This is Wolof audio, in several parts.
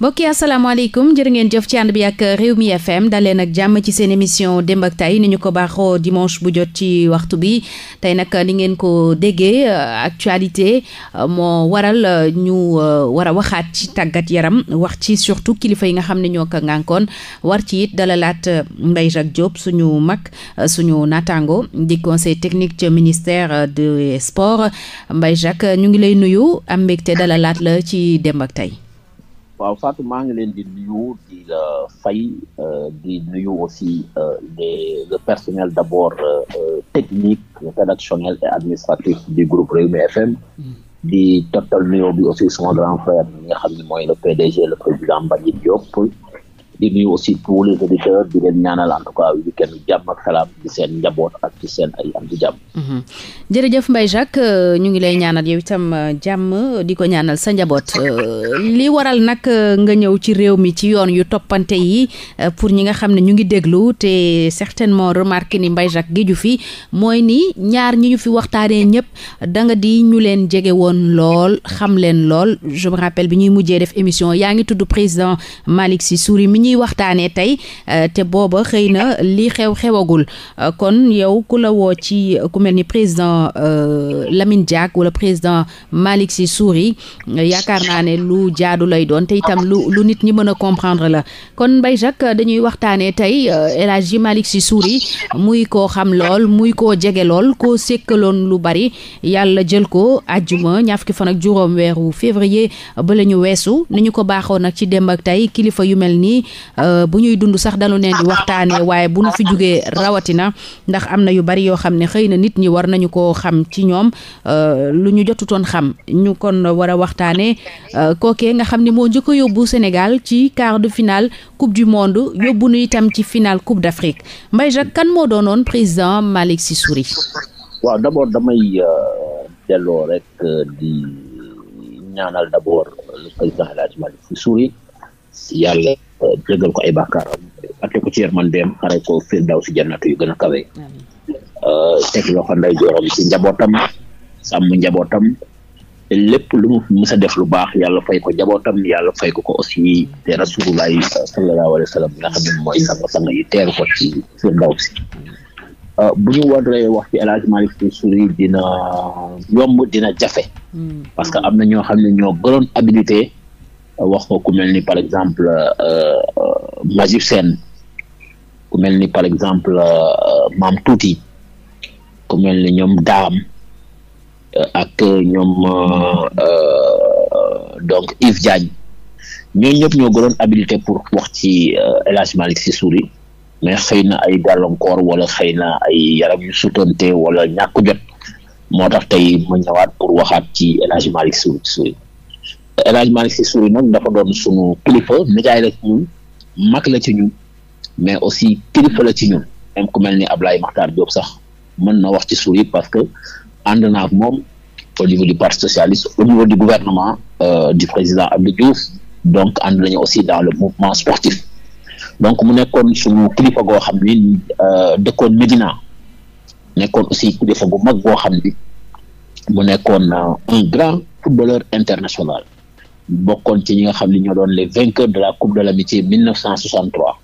mbokk yi asalaamaaleykum jërë ngeen jëf ci ànd bi ak réew Rewmi FM dalee nag jàmm ci seen émission démb ak ni ñu ko baaxoo dimanche bu jot ci waxtu bi tey nag ni ngeen ko déggee actualité moo waral ñu euh, war a waxaat ci tàggat yaram wax ci surtout kilifa yi nga xam ne ñoo ko ngànkoon war ci it dalalaat euh, Mbaye Jacques Diop suñu mag euh, suñu naataango di conseil technique ci ministère des sports Mbaye Jacques ñu ngi lay nuyu am mbégte dalalaat la ci démb ak waaw Fatou maa ngi leen di nuyu di la fay euh, di nuyu aussi euh, les le personnel d'abord euh, technique rédactionnel et administratif du groupe Rewmi FM hmm. di tottal nuyoo bi aussi sama grand frère mi nga xam ne mooy le PDG le président Mbagnick Diop di nuyu aussi tous les auditeurs di leen ñaanal en tout cas week-end jàmm ak salaam ci seen njaboot ak ci seen ay am ci jàmm. Mhm. jërëjëf Mbaye Jacques euh, ñu ngi lay ñaanal yow itam euh, jàmm di ko ñaanal sa njaboot euh, li waral nag nga ñëw ci réew mi ci yoon yu toppante yi pour ñi nga xam ne ñu ngi déglu te certainement remarqué ni Mbaye Jacques géeju fi mooy ni ñaar ñi ñu fi waxtaanee ñëpp da nga di ñu leen jege woon lool xam leen lool je me rappelle bi ñuy mujjee def émission yaa ngi tudd président Malick Sy Souris mi ñuy waxtaanee tey euh, te booba xëy na li xew xewagul euh, kon yow ku la woo ci ku mel ni président euh, Lamine Diack wala président Malick Sy Souris yaakaar naa ne lu jaadu lay doon te lu lu nit ñi mën a comprendre la kon Mbaye Jacques dañuy waxtaanee tey El Hadji Malick Sy Souris muy koo xam lool muy koo jege lool koo sékkaloon lu bari yàlla jël ko àjjuma ñaar fukki fan ak juróom weeru février ba weesu ni ko baaxoon nag ci démb ak tey kilifa yu mel nii Euh, bu ñuy dund sax dañu leen di waxtaanee waaye bu nu fi jugee rawatina ndax am na yu bari yoo xam ne xëy na nit ñi war nañu ko xam ci ñoom euh, lu ñu jotutoon xam ñu kon war a waxtaanee euh, kookee nga xam ne moo njëkk a yóbbu Sénégal ci quart de finale coupe du monde yóbbu nu itam ci final coupe d'Afrique Mbaye Jacques kan moo doonoon président Malick Sy suri waaw d'abord damay delloo rek di ñaanal d'abord président El Hadji Malick Sy jéggal ko ay bàkkaaram atte ko ci yërmandeem xare ko fir si jannatu yu gën a kawe euh, teg loxo nday jooram ci njabootam sàmm njabootam lépp lu mu mës def lu baax yàlla fay ko njabootam yàlla fay ko ko aussi te rasulullah sallallahu alayhi wa sallam nga xam ne mooy sang sang yi teeru ko ci firdawsi euh, bu ñu waree wax ci El Hadj Malick Sy Souris dina yomb dina jafe hmm. parce que am na ñoo xam ne ñoo gënoon habilité wax ko ku mel ni par exemple Majib euh, seen ku mel ni par exemple euh, Maam Tuuti ku mel ni ñoom Daam euh, ak ñoom donc Yves Diagne ñooñu ñëpp ñoo gënoon habilité pour wax ci El Hadj Malick Sy Souris mais xëy na ay gàllankoor wala xëy na ay yaram yu sutante wala ñàkk jot moo tax tey ma ñëwaat pour waxaat ci El Hadj Malick Sy El Hadj Malick si Souris nag dafa doon sunu kilifa nijaay la ci ñun mag la ci ñun mais aussi kilifa la ci ñun même ku mel ni Ablaye Makhtar Diop sax mën na wax ci Souris parce que ànd naa ak moom au niveau du parti socialiste au niveau du gouvernement euh, du président Abdou Diouf donc ànd nañu aussi dans le mouvement sportif donc mu nekkoon sunu kilifa goo xam ni euh, dëkkoon Médina nekkoon aussi kilifa gu mag goo xam ni mu nekkoon euh, un grand footballeur international bokkoon ci ñi nga xam ne ñoo doon les vainqueurs de la coupe de l'amitié 1963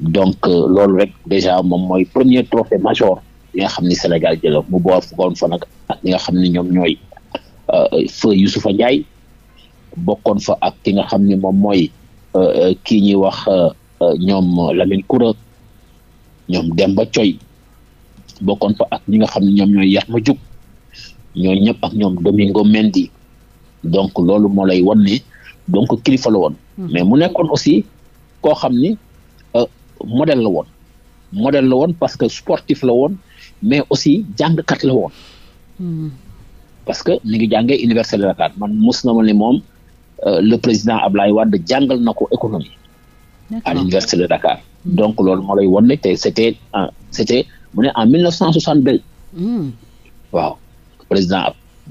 donc euh, loolu rek déjà moom mooy premier trophée major yi nga xam ni Sénégal jëla mu boor fukkoon fa nag ak ñi nga xam ne ñoom ñooy euh, feu Youssoufa Ndiaye bokkoon fa ak ki nga xam ni moom mooy euh, kii ñuy wax ñoom Lamine Koura ñoom Demba Coy bokkoon fa ak ñi nga xam ne ñoom yax ma Diouf ñooñu ñëpp ak ñoom Domingo Mendy donc loolu moo lay won ni donc kilifa la woon. Hmm. mais mu nekkoon aussi koo xam ni euh, model la woon. modèle la woon parce que sportif la woon mais aussi jàngkat la woon. Hmm. parce que ni ngi jàngee université de Dakar man mos na ma ne moom euh, le président Ablaye Wade jàngal na ko économie. à l'université de Dakar. Hmm. donc loolu moo lay wan ne te c'était en c'était mu ne en 1962. waaw président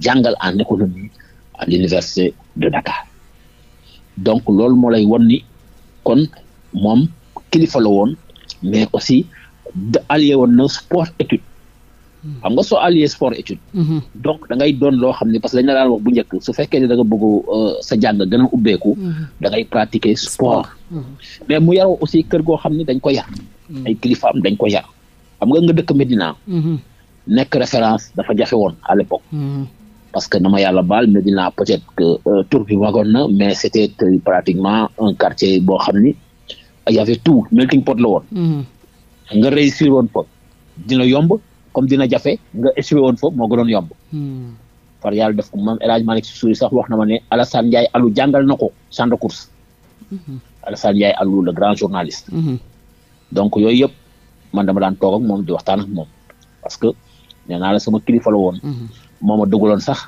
jàngal en économie. à l'université de Dakar donc loolu moo lay won ni kon moom kilifa la woon mais aussi da allié woon na sport étude xam nga soo allié sport étude mhm. donc da ngay loo xam ne parce que dañ la daan wax bu njëkk su fekkee ne da nga euh, sa jàng gën a ubbeeku mhm. da ngay pratiquer sport mhm. mais mu yaroo aussi kër goo xam ne dañ ko yar ay kilifaam dañ ko yar xam nga dëkk Médina nekk référence dafa jafe woon à l'époque parce que na ma yàlla baal Médina peut-être que euh, tur bi wagoon na mais un quartier boo xam ni a avait tout melting pot la woon. Mm-hmm. nga réussir woon fa dina yomb comme dina jafe nga échoué woon fa moo gënoon yomb. Mm-hmm. par def ko moom El Hadj Malick sax wax na ma ne Alassane Ndiaye Alou jàngal na ko champ de course. Mm-hmm. Alassane Ndiaye Alou le grand journaliste. donc yooyu yëpp man dama daan toog ak di waxtaan ak moom parce que nee sama kilifa la woon. moo ma dugaloon sax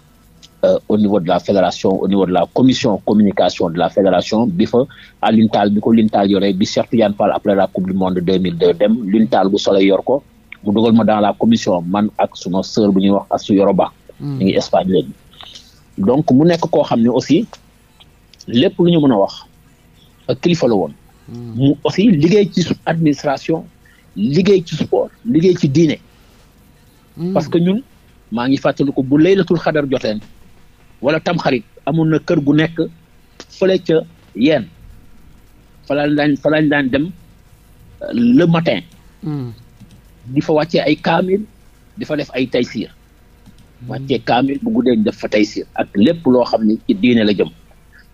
euh, au niveau de la fédération au niveau de la commission communication de la fédération bi fa à lintaal bi ko lintaal yore bi Cheikh Tidiane Fall après la coupe du monde 2002 dem lintaal bu soleil yor ko mu dugal ma dans la commission man ak suma sœur bu ñuy wax Astou Yoroba hmm. ñu ngi Espagne léegi donc mu nekk koo xam ne aussi lépp lu ñu mën a wax kilifa la woon hmm. mu aussi liggéey ci administration liggéey ci sport liggéey ci diine hmm. parce que ñun maa ngi fàttaliku bu laylatul xadar joteen wala tamxarit amoon na kër gu nekk fële ca yeen falaañ daan daan dem euh, le matin hmm. di fa wàccee ay kaamil di fa def ay taysir hmm. wàccee kaamil bu guddee ñu def fa taysiir ak lépp loo xam ne ci diine la jëm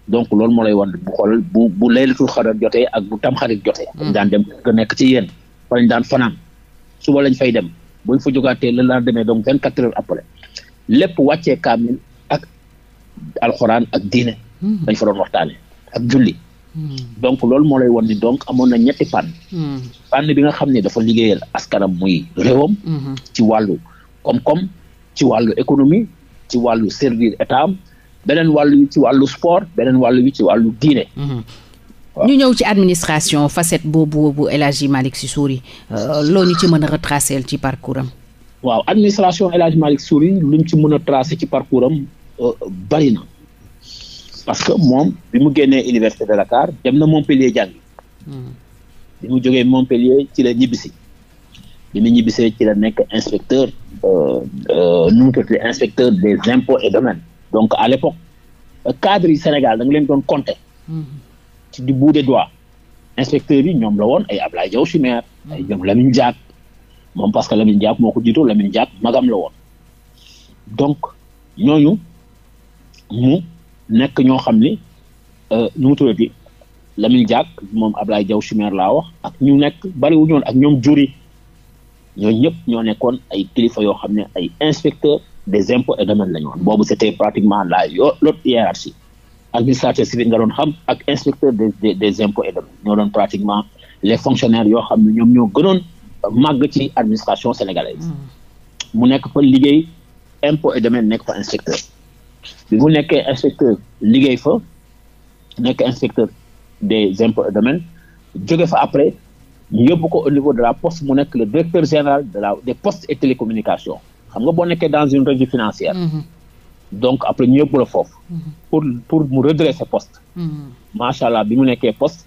donc loolu moo lay wan bu xoolal bu bu laylatul xadar jotee ak bu tamxarit jotee hmm. dañ daan dem kër ga nekk ci yeen fa lañ daan fanaan suba lañ fay dem buñ fa jógaatee le lendemain donc vingt quatre heures après lépp wàccee kaamil ak alxuraan ak diine hmm. dañ fo doon waxtaane ak juli hmm. donc loolu moo lay wan ni donc amoon na ñetti fànn hmm. fànn bi nga xam ne dafa liggéeyal askanam muy réewam ci wàllu koom-koom ci wàllu économie ci wàllu servir état beneen wàllu ci wàllu sport beneen wàllu ci wàllu diine ñu ñëw ci administration facette boobu bu El Hadji Malick Sy Souris euh, loo ñu ci mën a retracer ci parcours am. waaw administration El Hadji Malick Souris luñ ci mën a tracer ci parcours am euh, bari parce que moom bi mu génnee université de la Dakar dem na Montpellier jàngi. Hmm. bi mu jógee Montpellier ci la ñibbisi bi mu ñibbisee ci la nekk inspecteur euh, nu mu tuddee inspecteur des impôts et domaines donc à l'époque cadre yi Sénégal da leen doon compter. Hmm. ci du bout de doigts inspecteurs yi ñoom la woon ay Ablaye Diaw Chimère ay ñoom Lamine Diack moom parce que Lamine Diack moo ko jiitoo Lamine Diack magam la woon ñooñu mu nekk ñoo xam ni euh, nu mu tuddati Lamine Diack moom Ablaye jaw Chimère laa wax ak ñu nekk bariwu ñoon ak ñoom juri ñooñu ñëpp ñoo nekkoon ay kilifa yoo xam ne ay inspecteurs des impôts et domaines la ñu woon boobu c'était pratiquement la yo l'autre hiérarchie administrateur civil nga doon xam ak inspecteur des des des impôts et domaines ñoo doon pratiquement les fonctionnaires yoo xam ne ñoom ñoo gënoon màgg ci administration sénégalaise. Mm. mu nekk fa liggéey impôts et domaines nekk fa inspecteur bi mu nekkee inspecteur liggéey fa nekk inspecteur des impôts et domaines jóge fa après ñu yóbbu ko au niveau de la poste mu nekk le directeur général de la des postes et télécommunications xam nga boo nekkee dans une régie financière. Mm-hmm. donc après ñu yóbbu la foofu. pour pour mu redresser poste. macha allah bi mu nekkee poste.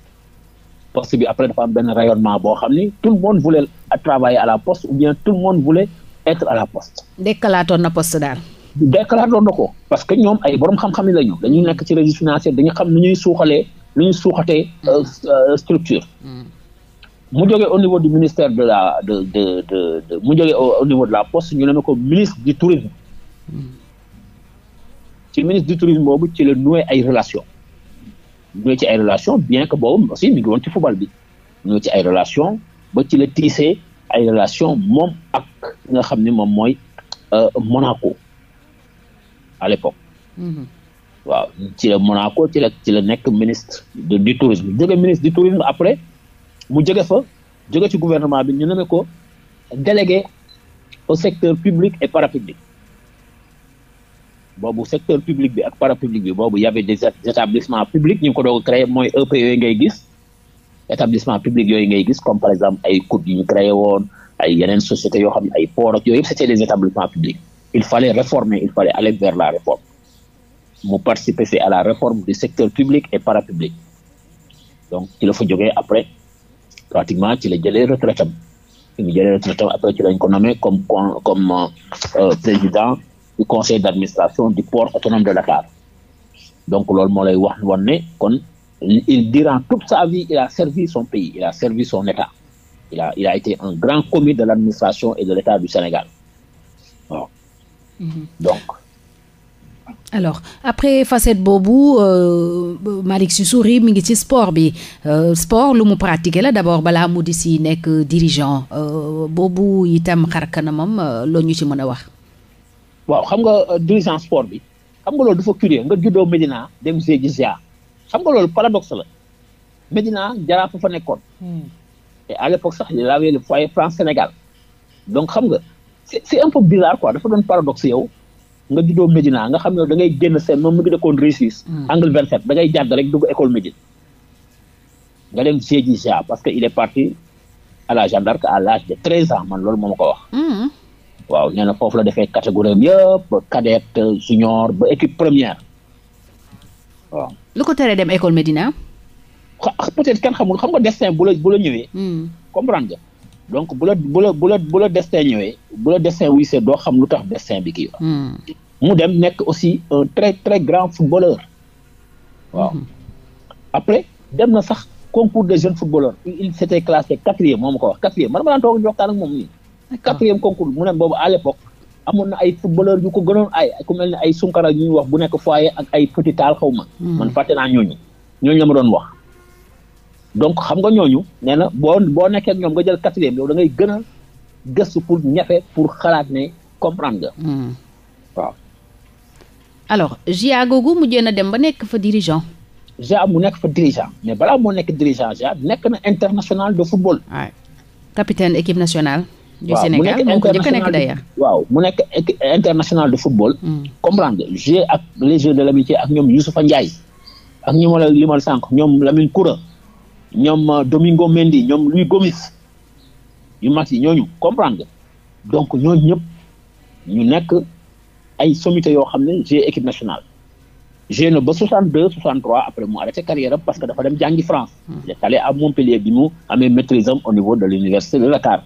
poste bi après dafa am benn rayonnement boo xam ni tout le monde voulait travailler à la poste ou bien tout le monde être à la poste. dekkalaatoon na poste daal. dekkalaatoon na ko parce que ñoom ay borom xam-xam yi la ñu dañuy nekk ci registre financier dañu xam nu ñuy suuxalee nu ñu suuxatee mm. euh, euh, structure. Mm. mu jógee au niveau du ministère de la de de de mu jógee au niveau de la poste ñu ne ko ministre du tourisme. Mm. ci ministre du tourisme boobu ci la noué ay relation noué ci ay relation bien que boobu aussi mi ngi woon ci football bi noué ci ay relation ba ci la tiisee ay relation moom ak nga xam ne moom mooy euh, Monaco à l'époque mm-hmm. waaw ci la Monaco ci la ci la nekk ministre du tourisme jóge ministre du tourisme après mu jóge fa jóge ci gouvernement bi ñu ne ko délégué au secteur public et parapublic boobu secteur public bi ak parapublic bi boobu y avait des établissements publics ñu ngi ko doog créé mooy EP yooyu ngay gis établissement public yooyu ngay gis comme par exemple ay coupe woon ay yeneen sociétés yoo xam ne ay port ak yooyu yëpp c'était des établissements publics il fallait réformer il fallait aller vers la réforme mu participer c'est à la réforme du secteur public et parapublic donc ci la fa jógee après pratiquement ci la jëlee retraitam ci la jëlee retraitam après ci lañ ko nommé comme comme euh, du conseil d' administration du port autonome de Dakar donc loolu moo lay wax woon ne kon il durant toute sa vie il a servi son pays il a servi son état il a été un grand commis de l' administration et de l' état du Sénégal mm-hmm. alors après facette boobu euh, Malick Soussoury mi ngi ci sport bi euh, sport lu mu pratiqué la d'abord balaa mu di si nekk dirigeant euh, boobu itam xar kanamam euh, loo ñu ci mën a wax. waaw xam nga euh, dirigeant sport bi xam nga loolu dafa curieux nga juddoo Medina dem Zégi Zia xam nga loolu paradoxe la Medina jaraaf fa nekkoon. Hmm. et à l'époque sax il y avait le foyer France Sénégal donc xam nga c'est c'est un peu bizarre quoi dafa doon paradoxe yow nga juddoo Medina nga xam ne da ngay génn seen no mi ngi dëkkoon Régis. Hmm. angle 27 da ngay jàdd rek dugg école Medina nga dem Zégi Zia parce que il est parti à la gendarme à l'âge de 13 ans man loolu moo ma ko wax. Hmm. waaw nee na foofu la defee catégorie am yëpp cadette junior ba équipe première waaw. lu ko teree dem école Medina. xa peut-être kenn xamul xam nga destin bu la bu ñëwee. Hmm. comprendre nga donc bu la bu la bu la bu destin ñëwee bu la destin wuy see doo xam lu tax destin bi kii. Hmm. mu dem nekk aussi un très très grand footballeur. waaw hmm. après dem na sax concours des jeunes footballeurs il s'était classé quatrième moo ko wax quatrième man ma daan toog moom nii. Ah. quatrième concours mu ne boobu à l'époque amoon na ay footballeur yu ko gënoon ay ku mel ne ay sunkara yu ñuy wax bu nekk foyer ak ay petit taal xaw ma. Hmm. man fàtte naa ñooñu ñooñu la ma doon wax. donc xam nga ñooñu nee na boo boo nekkee ñoom nga jël quatrième yow da ngay gën a gëstu pour ñafe pour xalaat ne comprendre nga. Hmm. waaw. alors GIA googu mujjee na dem ba nekk fa dirigeant. GIA mu nekk fa dirigeant mais balaa moo nekk dirigeant GIA nekk na international de football. waaw capitaine équipe du Sénégal moo a waaw mu nekk international de football. Mm. comprendre nga ak les Jeux de l'amitié ak ñoom Youssoufa Ndiaye ak ñi ma la limal sànq ñoom Lamine Koura ñoom euh, Domingo Mendy ñoom Louis Gomis yu mag ñooñu comprendre nga donc ñooñu ñëpp ñu nekk ay sommité yoo xam ne j'ai équipe nationale j'ai na ba 62 63 après mu arrêté carrière am parce que dafa dem jàngi France mm. amee maîtrise au niveau de l'université de Dakar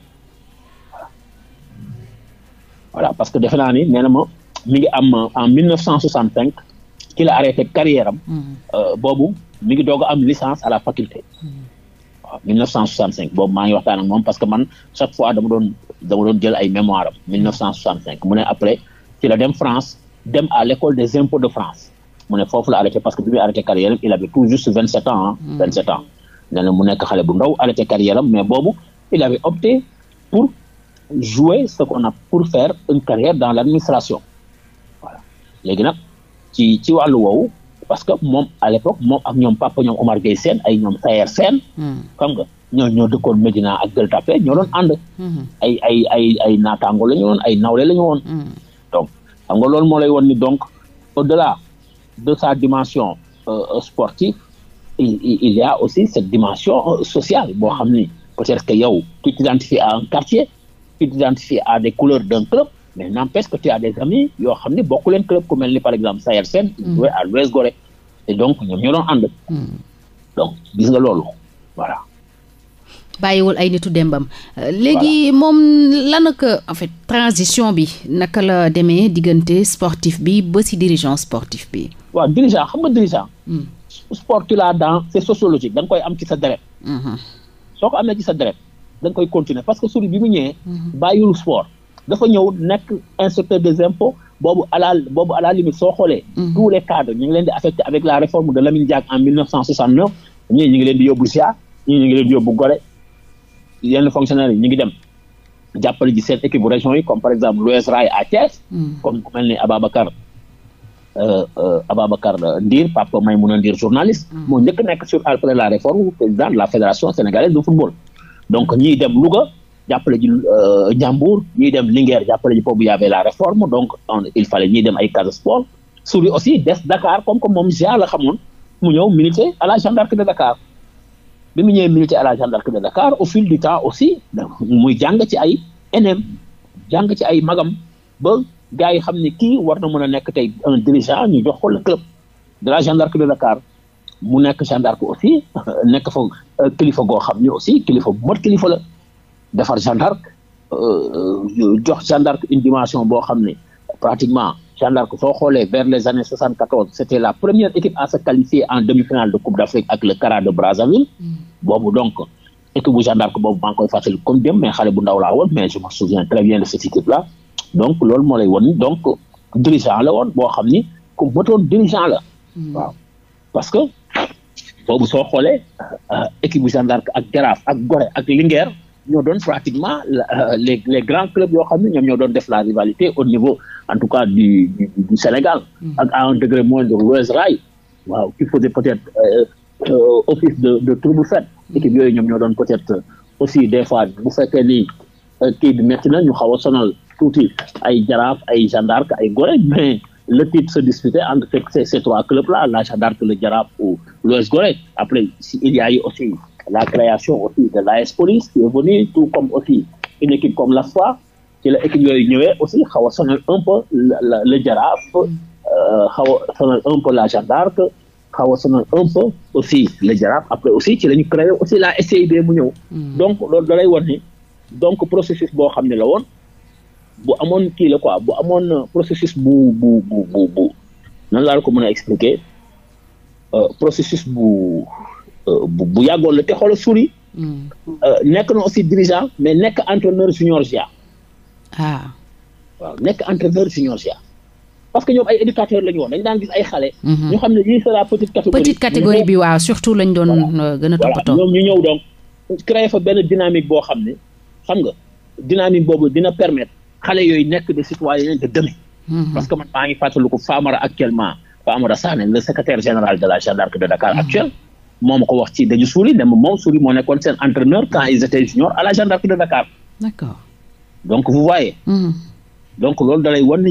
voilà parce que defe naa ni nee na ma mi ngi am en 1965 ki la carrière mm. euh, boobu mi ngi doog a am licence à la faculté. Mm. waaw 1965 boobu maa ngi waxtaan ak moom parce que man chaque fois dama doon dama doon jël ay mémoire am 1965 mu après ci dem France dem à l'école des impôts de France mu ne foofu la arrêté parce que bi muy arrêté carrière am il avait tout juste 27 ans ah. 27 mm. ans nee na mu nekk xale bu ndaw arrêté carrière am mais boobu il avait opté pour. jouer ce qu'on a pour faire une carrière dans l'administration voilà léegi nag ci ci wàllu woowu parce que moom à l'époque a ak ñoom papa ñoom Omar Gueye Sène ay ñoom Sayer Sène hmm. xam nga ñoo ñoo dëkkoon Médina ak Gueule Tapée ñoo doon hmm. ay ay ay ay naataango la ñu woon ay nawle la ñu woon hmm. donc xam nga loolu moo lay woon ni donc au-delà de sa dimension euh, sportive il, il a aussi cette dimension euh, sociale boo xam ni peut-être que yow tu t'identifies à quartier tu t'identifies à des couleurs d'un club mais n'empêche que tu as yoo xam ni bokk leen club ku mel ni par exemple Sayer Sène il mm. jouait à l'US Gorée et donc ñoom ñoo doon ànd mm. donc gis nga loolu voilà bàyyiwul ay nitu dembam euh, léegi moom lan ak en fait transition bi naka la demee diggante sportif bi ba si dirigeant sportif bi waaw dirigeant xam nga dirigeant mm. sport tu l'as dans c'est sociologique da nga koy am ci sa deret mm-hmm. soo ko amee ci sa deret da nga koy continuer parce que Souris bi mu ñëwee. Mhm. bàyyiwul sport dafa ñëw nekk inspecteur des boobu à la boobu à soo xoolee. Mhm. tous les cadres ñu ngi leen di affecté avec la réforme de Lamine Diack en 1969 ñii ñu ngi leen di yóbbu Sia ñii ñu ngi leen di yóbbu Gorée yenn fonctionnaires yi ñu ngi dem. jàppale ji set équipe bu région yi comme par exemple l'US Rail à Thiès. Mhm. comme ku mel ni Ababacar euh, euh, Ababacar Ndir Papa Maymouna Ndir journaliste. moo nekk sur après la réforme président de la fédération sénégalaise de football. donc ñiy dem Louga jàppale ji euh, Ndiambour ñiy dem Linguère jàppale ji foofu y avait la réforme donc on il fallait ñiy dem ay Casa Sport suri aussi des Dakar comme que moom GA la xamoon mu ñëw militer à la gendarmerie de Dakar bi mu ñëwee militer à la gendarmerie de Dakar au fil du temps aussi muy jàng ci ay enem jàng ci ay magam ba gars yi xam ne kii war na mën a nekk tey un dirigeant jox ko le club de la gendarmerie de Dakar mu nekk gendarme aussi nekk fa Euh, kilifa goo xam ne aussi kilifa bu mat kilifa la defar Jeanne euh, euh, jox Jeanne d'Arc dimension boo xam ne pratiquement Jeanne d'Arc soo xoolee vers les années 74 c' la première équipe a se qualifier en demi-finale de Coupe d' Afrique ak le Kara de Brazzaville mm. boobu donc équipe bu Jeanne d'Arc koy fàttali comme dem mais xale bu ndaw laa mais je me souviens très bien de cette équipe là donc loolu moo lay woon donc dirigeant la woon boo xam ni ku mëtoon dirigeant la mm. waaw boobu soo xoolee euh, équipe bu gendarme ak Jaraaf ak gore ak Linguère ñoo doon pratiquement euh, les les grands clubs yoo xam ne ñoom ñoo doon def la rivalité au niveau en tout cas du du, du Sénégal. Hmm. ak à un degré moindre Rose Rail waaw il faisait peut-être euh, euh, office de de trouble-fête équipe yooyu ñoom ñoo doon peut-être euh, aussi des fois bu fekkee ni kii bi métti na ñu xaw a sonal tuuti ay Jaraaf ay gendarme ay Gorée le titre se disputait en ces, ces trois clubs-là, la Gendarme, le Djarab ou l'OS Gorée. Après, il y aussi la création aussi de l'AS Police qui est venue, tout comme aussi une équipe comme la FOA, ci la équipe yooyu ñëwee aussi xaw a sonal un peu la le Jaraaf euh, xaw a sonal un peu xaw a sonal un aussi le Jaraaf après aussi ci la ñu créé aussi la SCIB mu ñëw hmm. donc loolu da lay war ni donc processus boo xam ne la woon bu amoon kii la quoi bu amoon processus bu bu bu bu bu nan laa la ko mën a expliquer euh, processus euh, bu bu yàggoon la te xoolal suri hmm. euh, nekk na aussi dirigeant mais nekk entraîneur junior GA. ah waaw nekk entraîneur junior GA. parce que ñoom ay éducateurs la ñu woon dañ daan gis ay xale. Hmm. ñu xam ne lii c'est la petite catégorie. bi waaw surtout lañ doon gën a toppatoo. ñoom ñu ñëw donc créer fa benn dynamique boo xam ne xam nga dynamique boobu dina permettre. xale yooyu nekk des citoyens de demain. Mm-hmm. parce que maa ngi fàttaliku Famara actuellement Famara Sané le secrétaire général de la gendarmerie de Dakar mm-hmm. actuel. moom ko wax ci dañu suuli ne moom suuli moo nekkoon seen entraîneur quand ils étaient juniors à la gendarmerie de Dakar. donc vous voyez. Mm-hmm. donc loolu da lay wan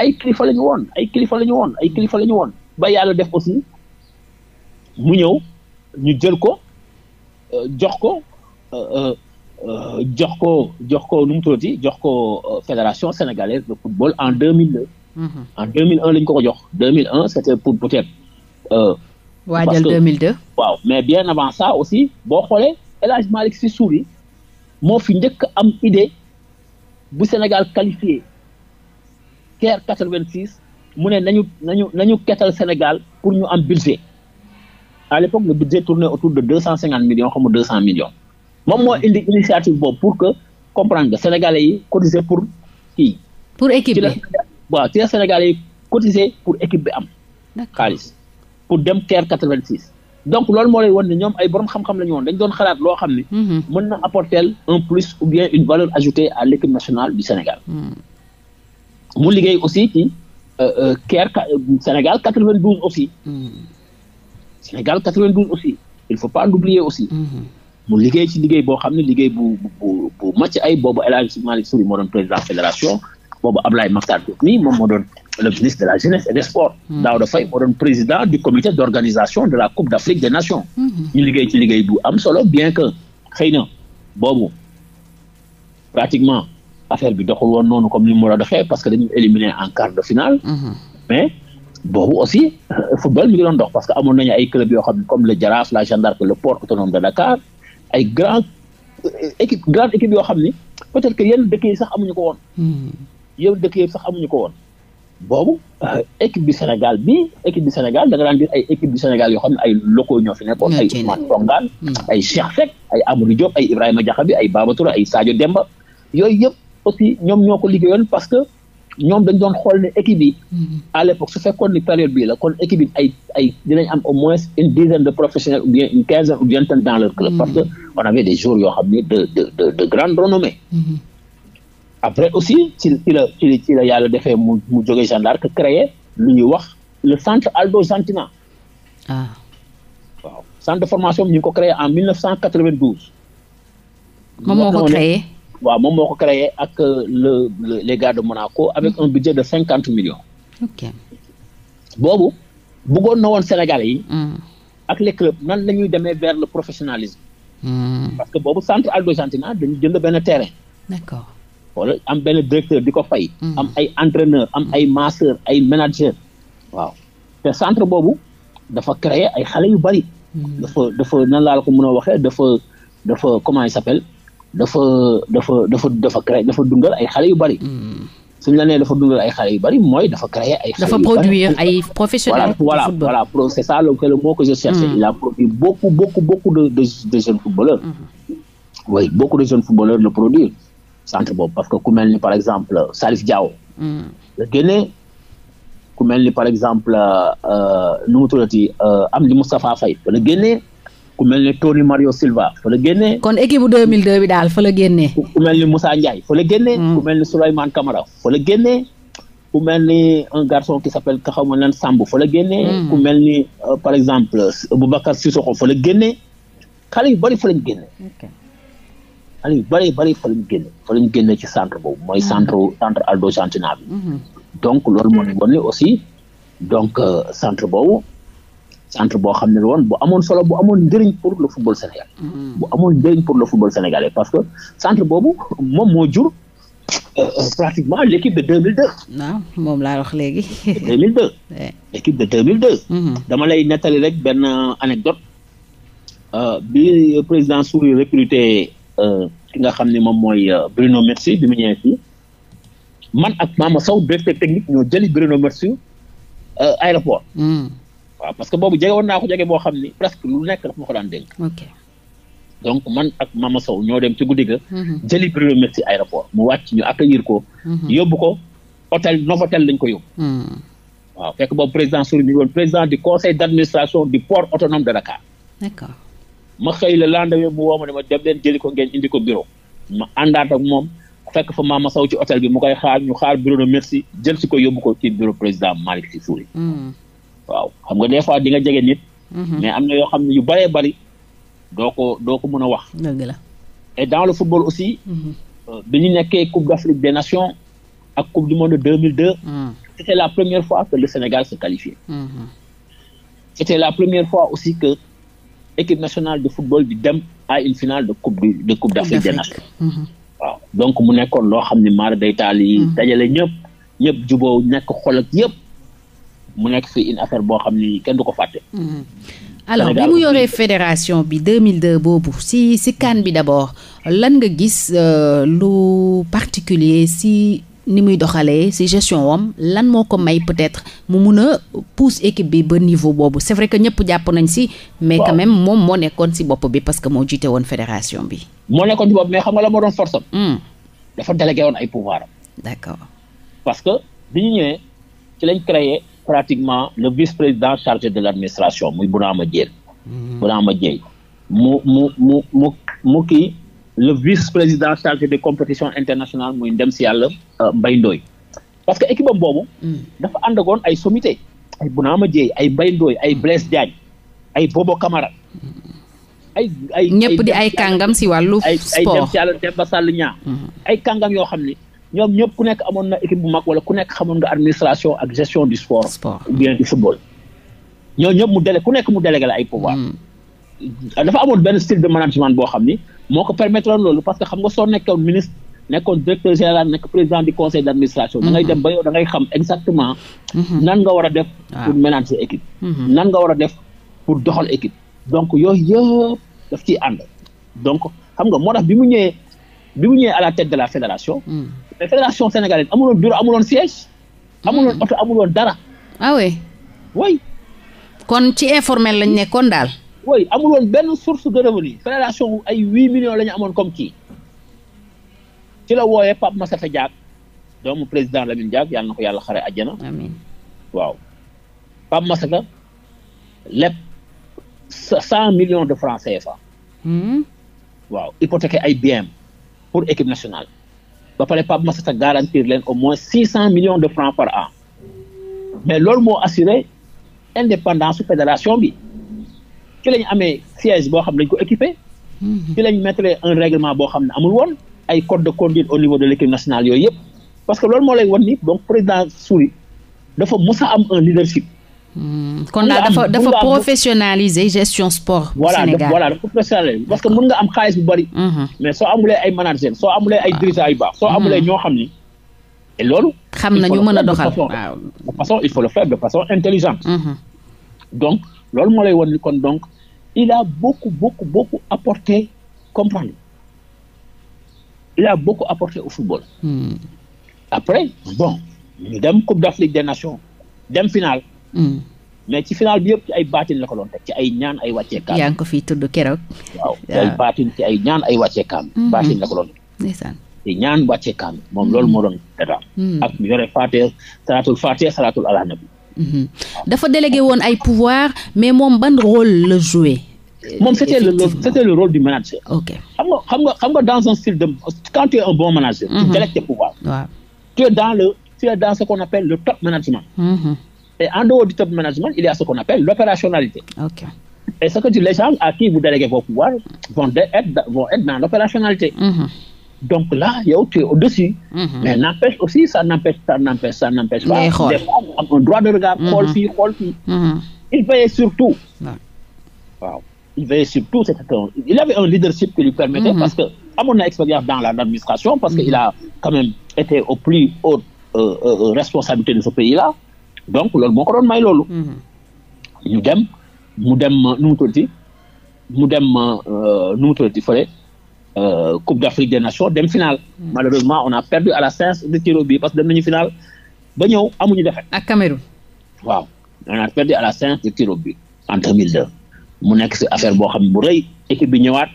ay kilifa la ñu ay kilifa la ñu woon ay kilifa la ñu woon ba yàlla def aussi mu ñëw ñu jël ko euh, jox ko euh, euh, Euh, jox ko jox ko nu mu tuddati jox ko euh, fédération sénégalaise de football en deux mille deux. Mhm. en un la ko ko jox deux mille un c' était pour peut-être. Euh, waajal deux waaw mais bien avant ça aussi boo xoolee El Hadj Malick Sy moo fi njëkk am idée bu Sénégal qualifié CAIR 86 mu ne nañu nañu nañu kettal Sénégal pour ñu am budget à l' époque le budget tournait autour de deux cent cinquante millions xamu deux millions. moom moo indi initiative boobu pour que comprendre nga sénégalais yi cotiser pour kii. pour équipe bi waaw ci la sénégalais yi pour équipe bi am. xaalis pour dem Caire 86. donc loolu moo lay wan ne ñoom ay borom xam-xam la ñu woon dañ doon xalaat loo xam ni. Mhm. mën na apporter un plus ou bien une valeur ajoutée à l' équipe nationale du Sénégal. Mhm. mu liggéey aussi ci Caire euh, euh, euh, Sénégal 92 aussi. Mhm. Sénégal 92 aussi il faut pas l'oublier aussi. mu liggéey ci liggéey boo xam ne liggéey bu bu bu ay boobu El Hadj Malick Souris moo doon président fédération boobu Ablaye Makhtar Diop nii moom le ministre de la jeunesse et des sports. Hmm. Daouda Faye moo doon président du comité d' de la coupe d' des nations. Hmm. ñu liggéey ci liggéey bu am solo bien que xëy na boobu pratiquement affaire bi doxul woon noonu comme ni mu war a doxee parce que dañu éliminé en quart de finale. Hmm. mais boobu aussi euh, football mi ay grand équipe grande équipe yoo xam ni peut-être que yenn dëkk yi sax amuñu ko woon. Hmm. yenn dëkk yi sax amuñu ko woon. boobu euh, équipe du Sénégal bi équipe du Sénégal da nga daan gis ay équipe du Sénégal yoo xam ne ay locaux ñoo fi nekkoon ay Ousmane Tongaan hmm. hmm. ay Cheikh Seck ay Amadou Diop ay Ibrahima Diakhabi ay Baba ay saajo Demba yooyu yëpp aussi ñoom ñoo ko liggéeyoon parce que ñoom dañ doon xool ne équipe yi. Mm-hmm. à l'époque su fekkoon ni période bii la kon équipe yi ay ay dinañ am au moins une dizaine de professionnels ou bien une quinzaine ou vingtaine dans leur club. parce que mm-hmm. on avait des joueurs yoo xam ne de de renommée. Mm-hmm. après aussi ci la ci la yàlla defee mu mu joge Jeanne d'Arc créer lu ñu wax le centre Aldo Gentina. ah waaw centre de formation bi ñu ngi ko créé en 1992. moom moo ko créé. waaw moom moo ko créé ak euh, le les gars de Monaco avec mm-hmm. un budget de cinquante millions. ok boobu bëggoon na woon Sénégalais yi. Mm. ak les clubs nan la ñuy demee vers le professionnalisme. Mm. parce que boobu centre Aldo Gentina dañu jënd benn terrain. d'accord wala am benn directeur di ko fay. Mm. am ay entraîneur am ay masseur ay manager waaw te centre boobu dafa créer ay xale yu bari. dafa dafa nan laa la ko mën a waxee dafa dafa comment il s'appelle dafa dafa dafa dafa créé dafa dundal ay xale yu bari. Hmm. suñ la nee dafa dundal ay xale yu bari mooy dafa créé ay. xale yu bari dafa wala ay professionnels. voilà voilà je cherchais. Hmm. il a produit beaucoup beaucoup beaucoup de de de jeunes footballeurs. Hmm. oui beaucoup de jeunes footballeurs le produire centre boobu parce que ku mel ni par exemple Salif Diao. la génne ku mel ni par exemple euh, euh, nu mu tuddati euh, am di Moustapha Faye la génne. ku mel ne Tony Mario Silva fa la génnee. kon équipe mil 2002 bi daal fa la génnee. ku mel ni Moussa Ndiaye fa la génnee. Mm. ku mel ni Souleymane Camara fa la génnee. ku mel ni un ki qui s'appelle xaw ma lan Samb fa la génnee. Mm. ku mel ni euh, par exemple Boubacar Sissoko fa la génnee xale yu bëri fa lañ génne. xale yu bëri bëri fa lañ génne fa lañ génne ci centre boobu mooy mm. centre centre Aldo Gentina bi. Mm-hmm. donc loolu moo ne woon aussi donc euh, centre boobu. centre boo xam ne woon bu amoon solo bu amoon njëriñ pour le football sénégalais. Mm-hmm. bu amoon njëriñ pour le football sénégalais parce que centre boobu moom moo jur euh, pratiquement l' équipe de 2002. waaw moom laa wax léegi. 2002. équipe de 2002. Mm-hmm. dama lay nettali rek benn euh, anecdote euh, bi président Souris recruté ki nga xam ne moom mooy Bruno Metsu bi mu ñëwee man ak Mama Sow directeur technique ñoo jëli Bruno Metsu aéroport. Mm. waaw parce que boobu jege naa ko jege boo xam ni presque lu nekk dafa ma ko daan dénk. donc man ak Mama Sow ñoo dem ci guddi ga. Mhm. jëli Bruno Metsu aéroport mu wàcc ñu accueillir ko. Mhm. yóbbu ko hôtel Novotel lañ ko yóbbu. Mhm. waaw ma xëy la lendemain mu woo ma dem jëli ko ngeen indi ko bureau. ma àndaat moom fekk fa Mama ci hôtel bi mu koy xaar ñu xaar Bruno Metsu jël si ko yóbbu ko ci bureau président Malick Sy Souris. waaw xam nga des fois di nga jege nit. Mhm. mais am na yoo xam ne yu bëree bëri doo ko doo ko mën a wax. dëgg la et dans le football aussi. Mhm. Euh, bi ñu nekkee coupe d'Afrique des nations ak coupe du monde de mille deux. Mhm. c'était la première fois que le Sénégal se qualifiait. Mmh. la première fois aussi que équipe nationale de football di dem a une finale de coupe du de coupe waaw donc mu nekkoon loo xam ne maar day taal yi dajale ñëpp ñëpp juboo nekk xol ak yëpp mu nekk fi une affaire boo xam ni kenn du ko fàtte. Mhm. alors bi mu yoree fédération bi mille 2002 boobu si si CAN bi d'abord lan nga gis euh, lu particulier si ni muy doxalee si gestion wam lan moo ko may peut-être mu mun a pousse équipe bi ba niveau boobu c'est vrai que ñëpp jàpp nañ si. mais quand moom moo nekkoon si bopp bi parce que moo jiite woon fédération bi. moo nekkoon si bopp mais xam nga la moo doon force am. Hmm. dafa délégué woon ay pouvoir am. d'accord. parce pratiquement le vice-président chargé de l'administration muy Bounama Dièye mm-hmm. Bounama Dièye mu mu mu mu mu ki le vice-président chargé de compétition internationale muy ndem si yàlla euh, Mbaye Ndoye parce que équipe boobu mm-hmm. dafa ànd àndagoon ay sommité ay Bounama Dièye ay Mbaye Ndoye ay Blaise Diagne ay Bobo Camara mm-hmm. ay ay ñëpp di ay kàngam si wàllu sport ay dem si yàlla Demba Sall ñaa ay kàngam yoo xam ne ñoom ñëpp ku nekk amoon na équipe bu mag wala ku nekk xamoon nga administration ak gestion du sport. sport ou bien mu délé ku nekk mu délégué la ay pouvoir. Hmm. Euh, dafa amoon benn style de management boo xam ni moo ko permettre loolu parce que xam nga soo nekkoon ministre nekkoon directeur général nekk président du conseil d' administration. da hmm. dem ba yow da ngay xam exactement. Hmm. nan nga war a def. Ah. pour ménager équipe. nan nga war a def pour doxal équipe. donc yooyu yëpp daf ciy ànd donc xam nga moo tax bi mu ñëwee bi mu ñëwee à la tête la fédération. mais fédération sénégalaise amuloon bureau amuloon siège. Hmm. amuloon oto amuloon dara. ah oui. kon ci informel lañ nekkoon daal. oui amuloon benn source de revenu fédération ay huit millions lañu ñu amoon comme kii ci la wooyee Pape Massata Diack doomu président Lamine Diack yàlla na ko yàlla xare àjjana. amiin waaw Pape Massata lépp cent millions de francs CFA. Hmm. waaw hypothéqué ay biens pour équipe nationale. ba pare Pape Massata garantir leen au moins six cent millions de francs par an mais loolu moo assurer indépendance su fédération bi ci lañ amee siège boo xam ne dañ ko équipé mhm. ci lañ mettre un règlement boo xam ne amul woon ay code de conduite au niveau de l'équipe nationale yooyu yëpp parce que loolu moo lay wan ni donc président Souris dafa musa am un leadership Hmm. kon daal dafa dafa professionnaliser gestion sport. Sénégal voilà dafa professionnaliser parce que mën nga am xaalis bu bari. Hmm. mais soo amulee ay manager soo amulee ay dirigeants yu baax. soo amulee hmm. ñoo xam ni. et loolu. xam nañu mën a doxal waaw de façon il faut le faire de donc loolu moo lay wan ni kon donc il a beaucoup beaucoup beaucoup apporté comprendre il a beaucoup apporté au football. après bon ñu dem Coupe d'Afrique des Nations dem finale. Mm. mais ci final bi yëpp ci ay baatin la ko doon ci ay ñaan ay wàccee kaam. yaa ngi ko fiy tudd keroog. waaw ci ay ay ñaan ay wàccee kaam. Mm-hmm. ñaan wàccee moom loolu moo doon dadaam. Mm. ak yore faatee salaatul faatee salaatul ala nabi. Mm-hmm. dafa délégué woon ay pouvoir mais moom ban rôle la joué. moom c'était le c'était le rôle du manager. ok xam nga xam nga xam nga dans un style de quand tu es un bon manager. tu mm-hmm. délègues tes pouvoirs. tu es dans le top management. Et en dehors du top management, il y a ce qu'on appelle Et ce que dit les gens vous déléguez vos pouvoirs vont être, vont être dans l'opérationnalité. Mm-hmm. Donc là, yow tu es au-dessus. Mm-hmm. Mais n'empêche aussi, ça n'empêche, pas. Des fois, a un droit de regard, xool mm-hmm. Il veillait surtout. c'était un, leadership qui lui permettait parce que amoon na expérience dans l'administration parce qu'il a été au plus haut euh, euh, euh de ce pays-là. donc loolu moo ko doon may loolu. Mhm. ñu dem mu dem euh, nu mu tuddati mu dem euh, nu mu tuddati fële euh, Coupe d'Afrique des Nations dem finale. Mhm. malheureusement on a perdu à la séance de tiro parce que dem nañu finale ba ñëw amuñu defet a Cameroun. waaw on a perdu à la séance de tiro bi en 2002 mu nekk si affaire boo xam ne bu rëy équipe bi ñëwaat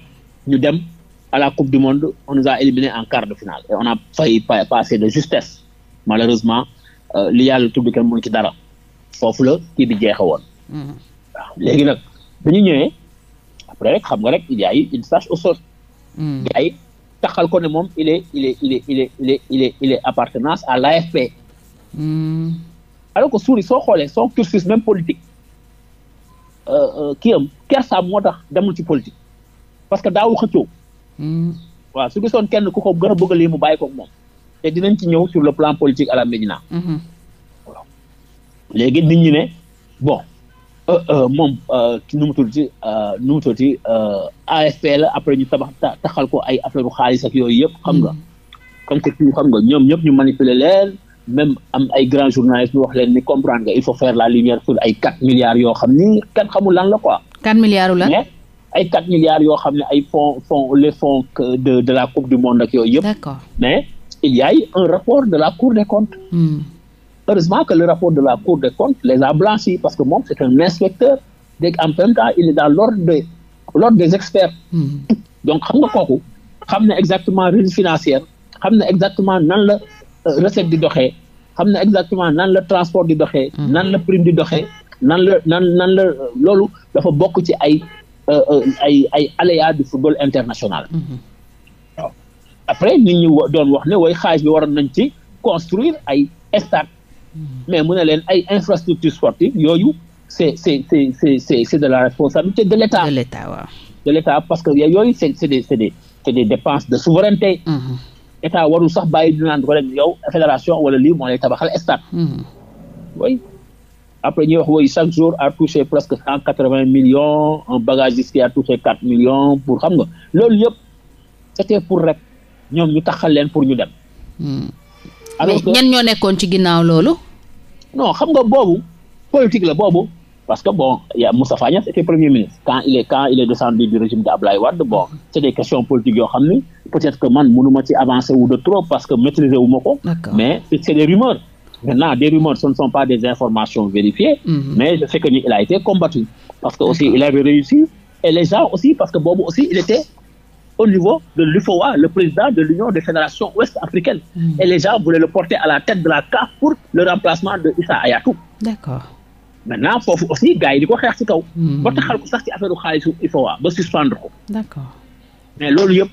ñu dem à la coupe du monde on nous a éliminés en quart de finale et on a failli passer de justesse malheureusement. Euh, li yàlla tudd kenn mënu ci dara foofu la kii bi jeexe woon mm-hmm. léegi nag bi ñu ñëwee après rek xam nga rek il y a eu une chasse aux sorciers mm-hmm. gars yi taxal ko ne moom il est il est il est il est il est à l'AFP mm-hmm. alors ko Souris soo xoolee son cursus même politique euh, euh, kii am kersaam moo tax demul ci politique parce que daawul xëccoo waaw su gisoon kenn ku ko gën a bëgg mu bàyyi ko moom te dinañ ci ñëw sur le plan politique à la Médina. Mhm. léegi nit ñi ne bon euh, euh, moom euh, nu mu tuddati nu mu tuddati AFP la après ñu tabax taxal ko ay affaire xaalis ak yooyu yëpp xam nga. Mhm. comme que xam nga ñoom ñëpp ñu manipuler leen même ay grands journalistes ñu wax leen ni comprendre nga il faut faire la lumière sur ay quatre milliards yoo xam ni kenn xamul lan la quoi. quatre milliards la mais ay quatre yoo xam ne ay fonds fonds les fonds de de la coupe du monde ak yooyu yëpp. d'accord mais. il y a eu un rapport de la Cour des comptes. Hmm. Heureusement que le rapport de la Cour des comptes les a blanchis parce que moom c'est un inspecteur dès en même il est dans l'ordre de l'ordre des experts. Mm. donc xam nga kooku xam na exactement revue financière xam na exactement nan la euh, recette di doxee xam na exactement nan la transport di doxee. Hmm. nan la prime di doxee nan la nan nan la loolu dafa bokk ci ay euh, euh, ay ay aléas du football international. Hmm. après nit ñi doon wax ne way xaaj bi waroon nañ ci construire ay stade mais mu ne leen ay infrastructure sportive yooyu c'est de la responsabilité de l'État de parce que yooyu c'est c'est des c'est des c'est des dépenses de souveraineté mm-hmm. état warul sax bàyyi ñu naan wala yow fédération wala lii moo lay tabaxal stade mm-hmm. oui après ñuy wax woy chaque jour a touché presque cent quatre-vingts millions un bagagiste qui a touché quatre millions pour xam nga loolu yëpp pour rek ñoom ñu taxal leen pour ñu dem. Hmm. alors que ñenn ñoo nekkoon ci ginnaaw loolu. non xam nga boobu politique la boobu parce que bon y' a Moustapha Niasse premier ministre. quand il est quand du régime de Ablaye Wade bon c' questions politiques yoo xam ni peut-être que man mënu ci avancer wu de trop parce que maîtriser wu ma ko. mais c' est des rumeurs. maintenant des rumeurs ce ne sont pas des informations vérifiées. Mm-hmm. mais je sais ni il a été combattu. parce que aussi il avait réussi au niveau de l'UFOA, le président de l'Union des fédérations ouest-africaines. Mmh. Et les gens voulaient le porter à la tête de la CAF pour le remplacement de Issa Ayatou. D'accord. maintenant foofu aussi gars yi di ko xeex ci kaw. Mm. ba taxal ko sax ci affaire xaalisu UFOA ba suspendre ko. d'accord mais loolu yëpp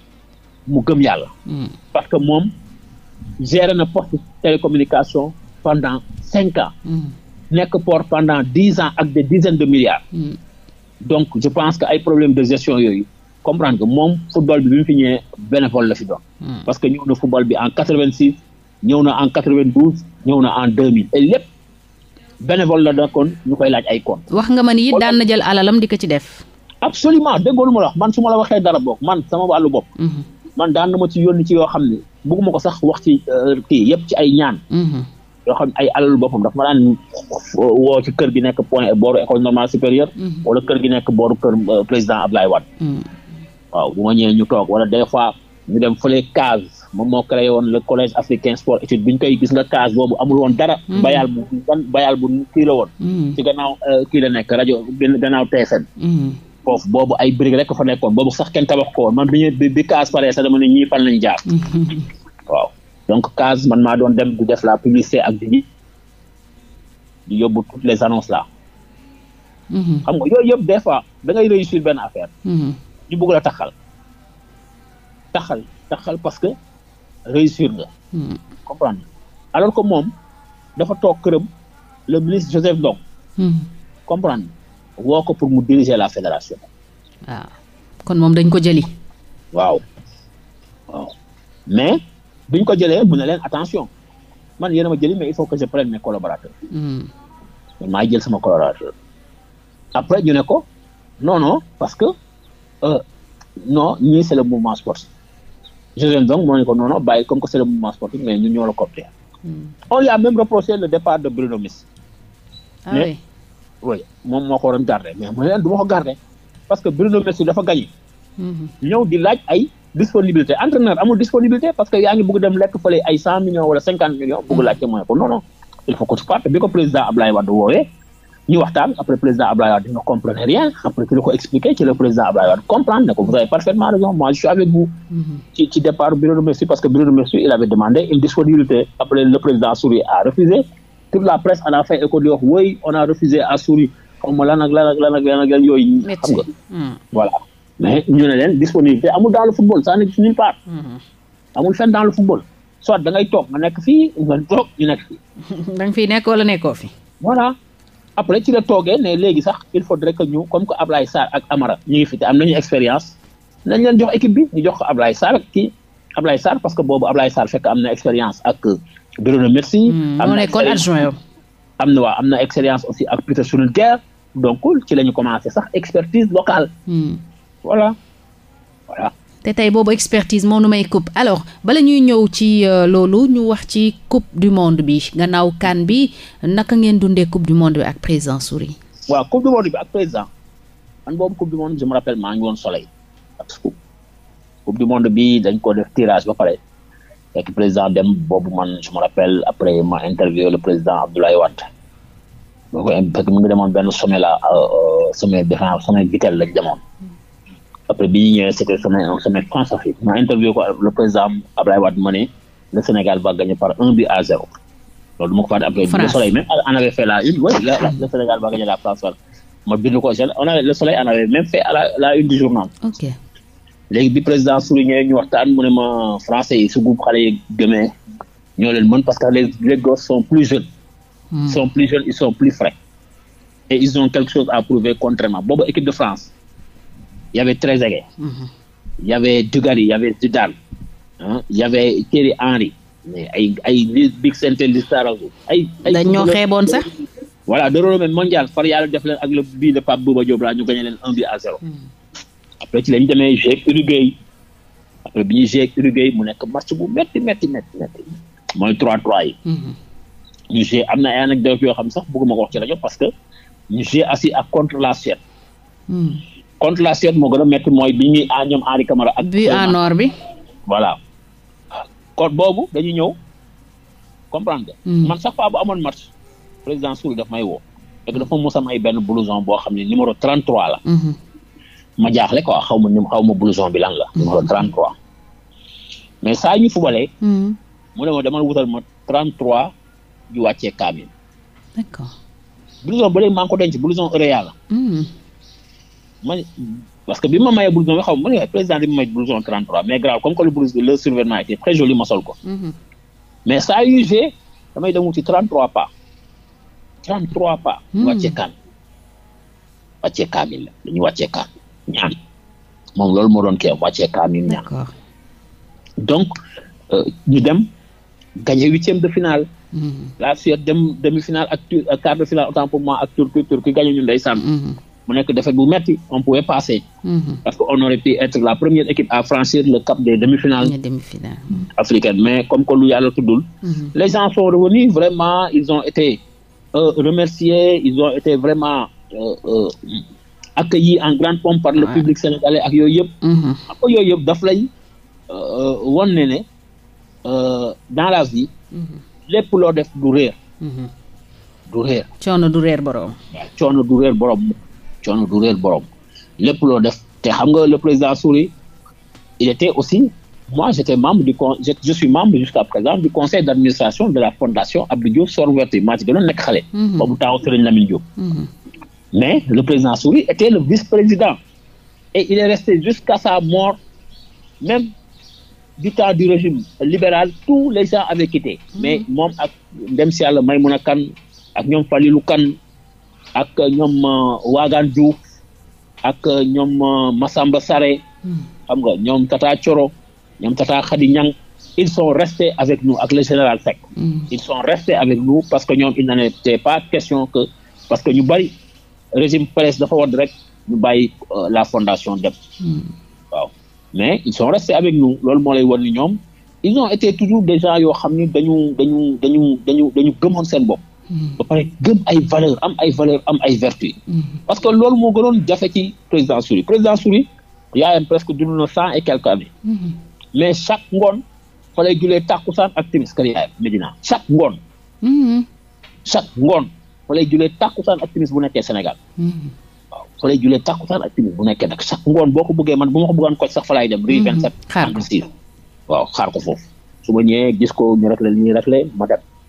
mu gëm yàlla. Mm. parce que moom géré na poste télécommunication pendant cinq ans. Mm. nekk port pendant dix ans ak des dizaines de milliards. donc je pense que ay problèmes de gestion yooyu. comprendre que moom football bi mu fi ñëwee bénévole la fi doon. Hmm. parce que ñëw na football bi en quatre vingt six ñëw na en quatre vingt douze ñëw na en deux mille et lépp bénévole la da kon ñu koy laaj ay compte wax nga ma ni it daan na jël alalam di ko ci def. absolument déggoo lu ma la wax man su ma la waxee dara boog man sama wàllu bopp. Hmm. man daan na ci yónni ci yoo xam ne bugguma ko sax wax ci euh, kii yëpp ci ay ñaan. Hmm. yoo xam ay alalu boppam dafa ma daan euh, woo waaw bu ma ñëwee ñu toog wala des fois ñu dem fële case moom moo créé woon le collège africain sport étude bi ñu koy gis nga case boobu amul woon dara. Mm-hmm. bayal bu ban bayal bu kii la woon. Mm-hmm. ci gannaaw euh, kii la nekk rajo gannaaw TFM. Mm-hmm. foofu boobu ay briques rek fa nekkoon boobu sax kenn tabax ko man bi ñuy bi case paree sax dama ne ñii fan lañ jaar. waaw donc case man maa doon dem gu def la publicité ak di di yóbbu toutes les annonces là. xam nga yooyu yëpp des fois da ngay réussir benn affaire. ñu bëgg la taxal taxal taxal parce que réussir nga. Hmm. comprendre alors que moom dafa toog këram le ministre Joseph Ndong. Hmm. comprendre woo ko pour mu diriger la fédération. waaw ah. kon moom dañ ko jëli. waaw mais biñ ko jëlee mu ne leen attention man yéen a ma jëli mais il faut que je prenne mes collaborateurs. man hmm. maa jël sama collaborateur. après ñu ne ko non Euh, non ñii c'est le mouvement sportif Joseph Ndong moo ne ko noonu bàyyi comme que c'est le mouvement sportif mais ñun ñoo la coopté hmm. on lui a même reproché le de Bruno Miss ah mais, moom moo ko waroon gardé mais mooy leen du ko gardé parce que Bruno Miss dafa gagné hmm. ñëw di laaj ay disponibilité entraîneur amul disponibilité parce que yaa ngi bëgg dem lekk fële ay cent millions wala cinquante millions bëgg hmm. laajte mooy ko non il faut que tu parte bi ko président Ablaye Wade ñu waxtaan après président Abdoulaye Wade ne comprenait rien après ki la ko expliqué ci le président Abdoulaye Wade comprendre ne ko vous avez parfaitement raison moi je suis avec vous. Mm-hmm. ci départ bureau de Murcie parce que bureau de Murcie il avait demandé une disponibilité après le président Souris a refusé toute la presse en a fait écho di wax oui on a refusé à Souris xaw la lan ak lan ak lan ak lan ak lan yooyu. xam nga mm. voilà mais ñu ne leen disponibilité amul fi. après ci la toogee ne léegi sax il faudrait que ñu comme que Ablaye Sarr ak Amara ñu ngi fi am nañu expérience nañ leen jox équipe bi ñu jox ko Ablaye Sarr ak kii Ablaye Sarr parce que boobu Ablaye Sarr fekk am na expérience ak bureau de merci. Hmm, am na am na waaw am na expérience aussi ak Peter Schnittger donc ci la ñu commencé sax expertise locale. Hmm. voilà voilà. te tey boobu expertise moo nu may coupe alors bala ñuy ñëw ci euh, loolu ñu wax ci coupe du monde bi gannaaw kaan bi naka ngeen dundee coupe du monde bi ak président Souris. waa coupe du monde bi ak président man boobu coupe du monde maa ngi woon soleil ak coupe coupe du monde bi dañ ko def tirage ba pare fekk président dem boobu man je me rappelle après ma interview le président Abdoulaye Wade boo ko fekk mu ngi demoon benn sommet la euh, euh, sommet defe naa sommet Vitel lañ demoon. après bi ñu ñëwee c'était sommet un sommet France-Afrique interview le président Abdoulaye Wade ma ne le Sénégal va gagner par un but à zéro loolu du ma ko fàtte après le soleil même en ah, avait fait la une oui le Sénégal va ma bind ko on le soleil du journal ok léegi bi président souligné waxtaan mu français yi su gub xale yi gëmee ñoo leen mën parce que les les gosses hmm. sont plus jeunes ils sont plus frais et ils ont quelque chose à prouver contrairement boobu équipe de France y avait Trezeguet. Mm -hmm. y avait Dugarry y avait Zidane ah y avait Thierry Henry mais ay ay li big centre di Sarrazin ay. ay dañoo sax. voilà de renommée mondiale far yàlla def leen ak le bii de Pape Bouba Diop laa ñu gagné leen un but à mhm. après ci la ñu demee G Uruguay après bi ñuy G Uruguay mu nekk match bu métti métti métti mooy 3-3 yi. Mhm. ñu G am na ay anecdote yoo xam sax a ko wax ci rajo parce que ñu G assis ak contre la Suède. Mhm. contre la Suède moo gën a métti mooy bi ñuy a ñoom Henri Camara ak bi en or bi voilà kon boobu dañuy ñëw comprendre mm. man chaque fois bu amoon match président Sow may woo fekk dafa mos a benn blouson boo xam ne numéro 33 la mm -hmm. ma jaaxle quoi xaw ma xaw ma blouson bi lan la hmm. numéro 33 mais saa ñu fubalee hmm. mu ne ma dama wutal ma 33 ju wàccee kaamil d'accord blouson ba léegi maa ngi ko denc blouson Réal la hmm. man parce que bi ma mayee blouson bi xaw ma ne président bi ma may blouson 33 mais grave comme que le blouson le survêtement était très joli ma mhm. mais saa damay dem wuti 33 pas. 33 pas. Hmm. ñu wàccee kaan wàccee kaamil la dañuy wàccee kaan ñaan moom loolu moo doon kii wàccee kaamil ñaan. donc euh, ñu dem gagné huitième de finale. Mhm. la Suède dem demi finale ak euh, quart de finale autant pour moi ak Turquie Turquie gagné ñu mu nekk défaite bu metti on pouvait passer. Mhm. parce que on aurait pu être la première équipe à franchir le cap des demi-finales. des mais comme que la yàlla tuddul. Mhm. les gens sont revenus vraiment ils ont été euh, remerciés ils ont été vraiment. Euh, euh, en grande pompe par le public sénégalais ak yooyu yëpp. Mhm. ak yëpp daf lay euh, won ne euh, la vie. loo def du du réer. coono coono du réer borom lépp loo def te xam nga le président Souris il était aussi moi j'étais membre du con je, je suis membre jusqu'à présent du conseil d'administration de la fondation Abdou Diouf Sorwerty maa ci gënoon nekk xale mhm. boobu taaw Serigne Lamine Diop mhm. mais le président Souris était le vice-président et il est resté jusqu'à sa mort même du temps du régime libéral tous les gens avaient quitté. Mm -hmm. mais moom ak dem si yàlla Maïmouna Kane ak ñoom Falilou Kane ak ñoom euh, Waagaan Diouf ak euh, ñoom euh, Massamba sare hmm. xam nga ñoom Tata Coro ñoom Tata Khady Niang ils sont restés avec nous ak le général Seck hmm. ils sont restés avec nous parce que ñoom il n'en était pas question parce que ñu bari régime presse dafa woon rek ñu bàyyi la fondation dem hmm. waaw mais ils sont restés avec nous loolu moo lay won ni ñoom ils ont été toujours des gens yoo xam ni dañu dañu dañu dañu dañu gëmoon seen bopp ba pare gëm ay valeur am ay valeur am ay vertu parce que loolu moo gënoon jafe ci président Souris président Souris yaayam presque dund na cent et quelques années mais chaque ngoon fa lay julee tàkkusaan ak timis kër yaayam Médina chaque ngoon chaque ngoon fa lay julee tàkkusaan ak timis bu nekkee Sénégal waaw fa lay julee tàkkusaan ak timis bu nekkee nag chaque ngoon boo ko bëggee man bu ma ko bëggoon ko sax fa lay dem rue mhm. vingt xaar ko waaw xaar ko foofu su ma ñëwee ñu réglé li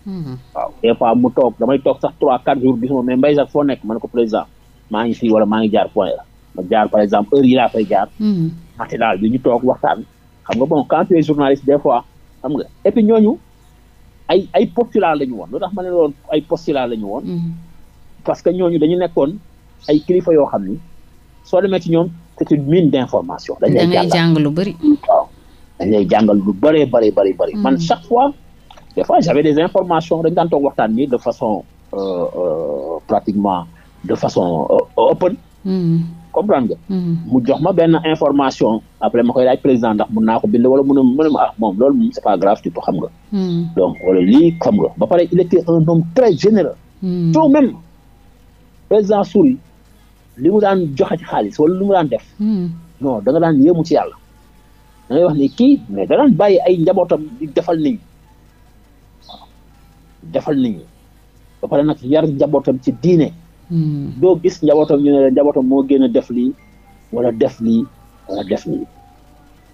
waaw des fois mu toog damay toog sax trois quatre jours gis moom mais Mbaye Jacques foo nekk man ko président maa ngi fii wala maa ngi jaar point la ma jaar par exemple heure yi laa fay jaar maxti bi ñu toog waxtaan xam nga bon quand tu es journaliste des fois xam nga et puis ñooñu ay ay postulat la ñu woon lu tax ma ne loon ay postulat la ñu woon hmm. parce que ñooñu dañu nekkoon ay kilifa yoo xam ni soo demee ci ñoom c'est une mine d'information dañ lay jàngal lu bëri waaw dañ jàngal lu bëree bëri bëri bëri hmm. man chaque fois des fois j'avais des informations dañ daan toog waxtaan nii de façon euh, euh, pratiquement de façon euh, open mm-hmm. comprendre nga mm-hmm. mu jox ma benn information après ma koy laaj président ndax mun naa ko bind wala mun a mun a ma ah moom loolu moom c'est pas xam nga mm-hmm. donc wala lii xam nga ba pare il était un homme très généreux tout même président Souris li daan joxe ci xaalis wala li mu daan def non da nga daan yéemu ci yàlla da daan bàyyi njabootam defal nit defal nit ñi ba pare nag yar njabootam ci diine. Hmm. doo gis njabootam ñu ne la njabootam moo gën a def lii wala def lii wala def lii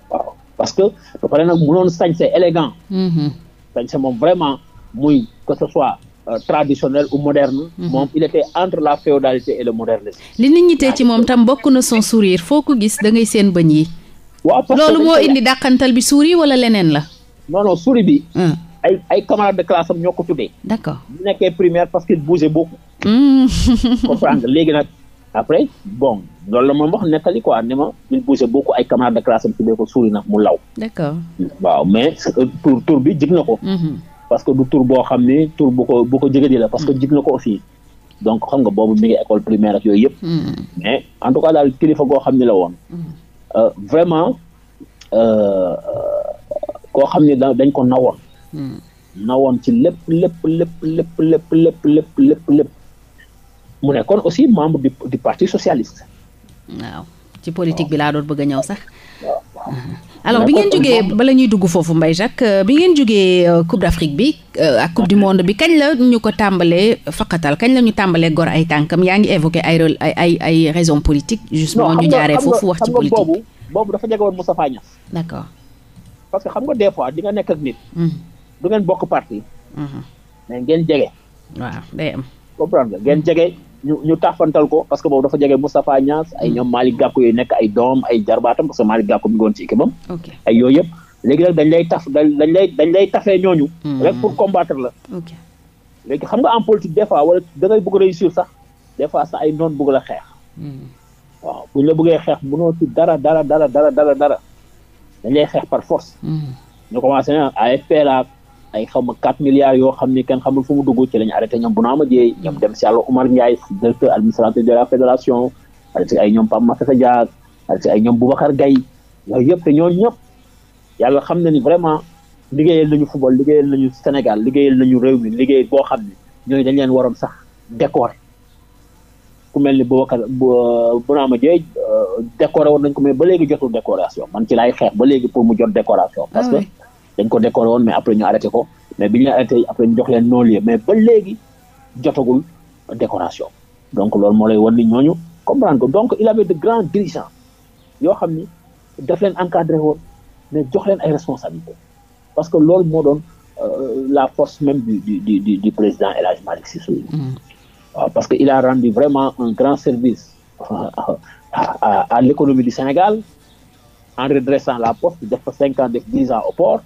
waaw parce que ba pare nag munoon sañse élégant. Hmm. sañse moom vraiment muy que ce soit. Euh, traditionnel ou moderne. Hmm. moom il était entre la féodalité et le modernisme. li nit ñi tee ci moom tam bokk na son sourire foo ko gis dangay ngay seen bëñ yi. loolu moo indi dàqantal bi souri wala leneen la. non non bi. ay ay camarades de classe am ñoo ko tuddee. d'accord bu nekkee primaire parce qu'il bougeait beaucoup. Hmm. comprendre léegi nag après bon loolu la moom wax nettali quoi ne ma il bougeait beaucoup ay camarades de classe am tuddee ko suuli nag mu law. d'accord waaw mais tur tur bi jig na ko. Hmm. parce que du tur boo xam ni tour bu ko bu ko jege di la parce que hmm. jig na ko aussi. donc xam nga boobu mi ngi école primaire ak yooyu yëpp. mais en tout cas daal kilifa goo xam ni la woon. Euh, vraiment euh, koo xam ni dañ ko nawoon. nawoon ci lépp lépp lëpp lëpp lëpp lëpp lëpp lépp lépp mu aussi membre du du parti socialiste. waaw ci politique bi laa doon bëgg a ñëw sax. alors bi ngeen jógee bala ñuy dugg foofu mbay Jacques euh, bi ngeen jógee euh, Coupe d'Afrique bi euh, ak Coupe du monde bi kañ la ñu ko tàmbalee faqatal kañ la ñu tàmbalee gor ay tànkam yaa ngi évoqué ay ay ay ay raisons politiques. justement ñu jaaree foofu wax ci politique boobu boobu dafa jege woon Moustapha Niasse. d'accord parce du ngeen bokk parti. Mhm. mais ngeen jege. day am. comprendre nga ngeen jege ñu ñu taafantal ko parce que moom dafa jege Moustapha Niass ay ñoom mhm. Malick Gakou yooyu nekk ay doom ay jarbaatam parce que Malick Gakou mi ngi woon ci équipe am. ay yooyu yëpp léegi nag dañ lay dañ lay dañ lay tafee ñooñu. Mhm. rek pour combattre la. léegi xam nga en politique des fois wala da ngay bëgg réussir sax des fois sax ay noon bëgg la xeex. waaw buñ la buggee xeex mënoo ci dara dara dara dara dara dara dañ lay xeex par force. ñu commencé na AFP ay xaw ma quatre milliards yoo xam ni kenn xamul fu mu dugg ci la ñu arrêté ñoom bu naa ma jeey ñoom dem si àllo Oumar Ndiaye directeur administratif de la fédération ay ñoom Pape Massata Diack arrêté ay ñoom Boubacar Gaye yooyu yëpp te ñooñu ñëpp yàlla xam na ni vraiment liggéeyal nañu football liggéeyal nañu Sénégal liggéeyal nañu réew mi liggéey boo xam ne ñooñu dañ leen waroon sax décorer ku mel ni Boubacar bu naa ma jeey décorer woon nañ ko mais ba léegi jotul décoration man ci laay xeex ba léegi pour mu jot décoration ah dañ ko décoré woon mais après ñu arrêté ko mais bi ñu arrêté après ñu jox leen non mais ba léegi jotagul décoration donc loolu moo lay wan ni ñooñu comprendre ko donc il avait de grands dirigeants yoo xam ni daf leen encadré woon mais jox leen ay responsabilités parce que loolu moo doon euh, la force même du du du du président El Hadj Malick Sy mm. waaw parce que il a rendu vraiment un grand service à à à l'économie du Sénégal en redressant la poste def fa cinq ans def dix ans au port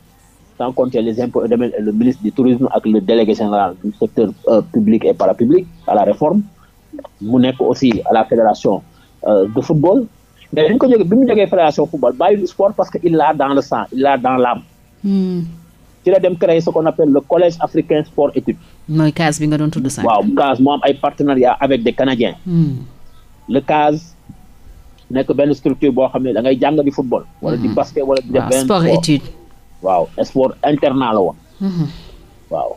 sans compter les impôts le ministre du tourisme ak le délégué général du secteur euh, public et parapublic à la réforme mu nekk aussi à la fédération euh, de football mais bi ñu ko jógee bi mu jógee fédération football bàyyiwul sport parce que il l'a dans le sang il l'a dans l'âme hmm. ci la dem créer ce qu'on le collège africain sport études mooy CAS bi nga doon tudd sax waaw CAS moo am ay partenariat avec des Canadiens hmm. le CAS nekk benn structure boo xam ne da jàng di football waaw sport internat la woon. Mhm. waaw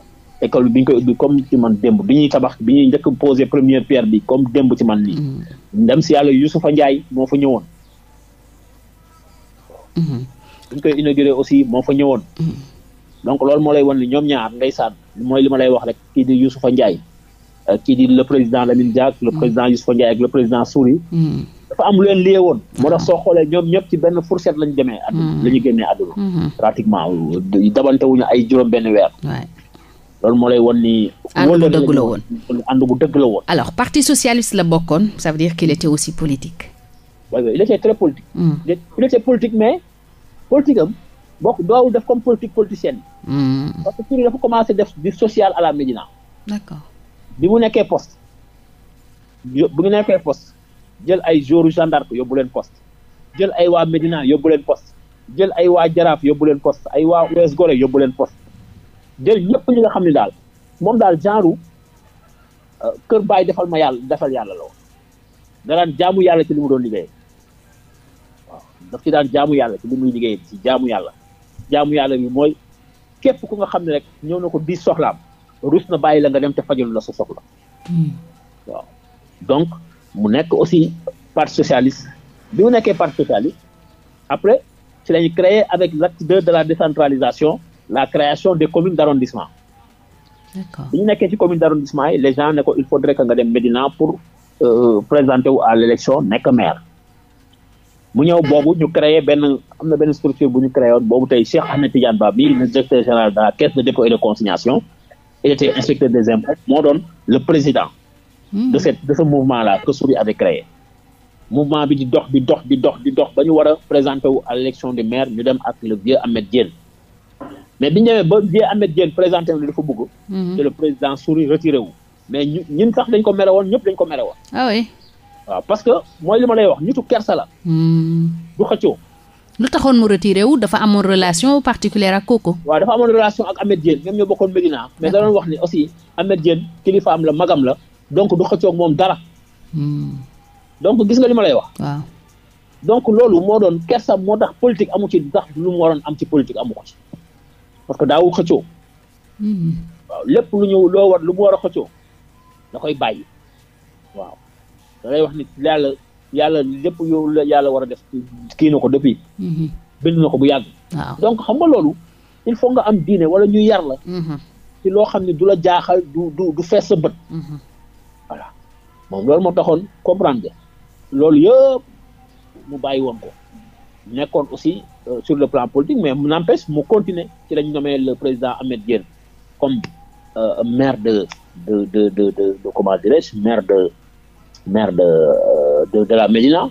école bi ñu koy ubbi comme ci man demb bi ñuy tabax bi ñuy njëkk posé première pierre bi comme démb ci man nii. Mhm. ndem si yàlla Youssoufa njaay moo fa ñëwoon. Mhm. bi koy inauguré aussi moo fa ñëwoon. donc loolu moo lay wan ni ñoom ñaar ndeysaan mooy li ma lay wax rek kii di Youssoufa njaay kii di le président Lamine Diack le président Youssoufa Ndiaye ak le président Souris. dafa am lu leen liyee woon. moo tax soo xoolee ñoom ñëpp ci benn fourchette lañ demee. àdduna hmm. la ñu génnee àdduna. Hmm. pratiquement euh, dabante wuñu ay juróom-benn weer. loolu moo lay woon ni. ànd bu dëgg la woon ànd bu dëgg la woon. alors parti socialiste la bokkoon ça veut dire qu'il était aussi politique. waaw ouais, il était très hmm. politique. mais politique am bokk doowul def comme politique politicienne. parce que tur dafa commencé def du social à la Médina. d'accord bi mu nekkee poste. bu ñu nekkee poste jël ay joru gendarme yóbbu leen poste jël ay waa Médina yóbbu leen poste jël ay waa Jaraaf yóbbu leen poste ay waa Ouest Gorée yóbbu leen poste jël ñëpp ñi nga xam ne daal moom daal genre euh, kër baay defal ma yàlla defal yàlla la woon da jaamu yàlla ci li mu doon liggéey waaw daf ci daan jaamu muy liggéey ci jaamu yàlla jaamu yàlla bi mooy képp ku nga xam ne rek ñëw na ko di soxlaam rus na bàyyi la nga dem te fajalu la sa soxla hmm. donc mu nekk aussi parti socialiste bi mu nekkee parti socialiste après ci la ñu créé avec l'acte de la décentralisation la création des communes d'arrondissement bi ñu nekkee ci commune d'arrondissement yi les gens ko il faudrait que nga dem Médina pour euh, présenter wu à l'élection nekk maire mu ñëw boobu ñu créer benn am na benn structure bu ñu créé woon boobu tey Cheikh Ahmed Tidiane Ba bi le directeur général de la caisse de dépôt de consignation il était inspecteur moo doon le président de cette de ce mouvement là que Souris avait créé mouvement bi di dox di dox di dox di dox ba ñu war a présenté wu à l' élection de maire ñu dem ak le vieux Ahmed Diène mais bi ñu demee ba vieux Ahmed Diène présenté wu ne dafa bëgg. te mhm. le président Souris retiré wu. mais ñu ñun sax dañ ko mere woon ñëpp dañ ko mere woon. ah parce que mooy li ma lay wax ñu nitu kersa la. Hmm. du xëccoo. lu taxoon mu retiré wu dafa amoon relation particulière ak kooku. waaw dafa amoon relation ak Ahmed Diène ñoom ñoo bokkoon Médina. mais da wax ni aussi Ahmed Diène kilifaam la magam la. donc du xëccoog moom dara. Hmm. donc gis nga li ma lay wax. waaw donc loolu moo doon kersa moo tax politique amu ci sax lu mu waroon am ci politique amu ko ci parce que daaw xëccoo. Hmm. waaw lépp lu ñëw loo war lu mu war a xëccoo da koy bàyyi waaw da wax ni yàlla yàlla lépp yow la yàlla war a def kii ko depuis. Hmm. bind na ko bu yàgg. donc xam nga loolu il faut nga am diine wala ñu yar la. ci loo xam ne du la jaaxal du du fees sa bët. moom loolu moo taxoon comprendre loolu yëpp mu bàyyi woon ko nekkoon aussi euh, sur le plan politique mais n'empêche mu continuer ci lañ nommé le président Ahmed Diène comme euh, maire de de de de de comment dirais-je maire de maire euh, de de la Médina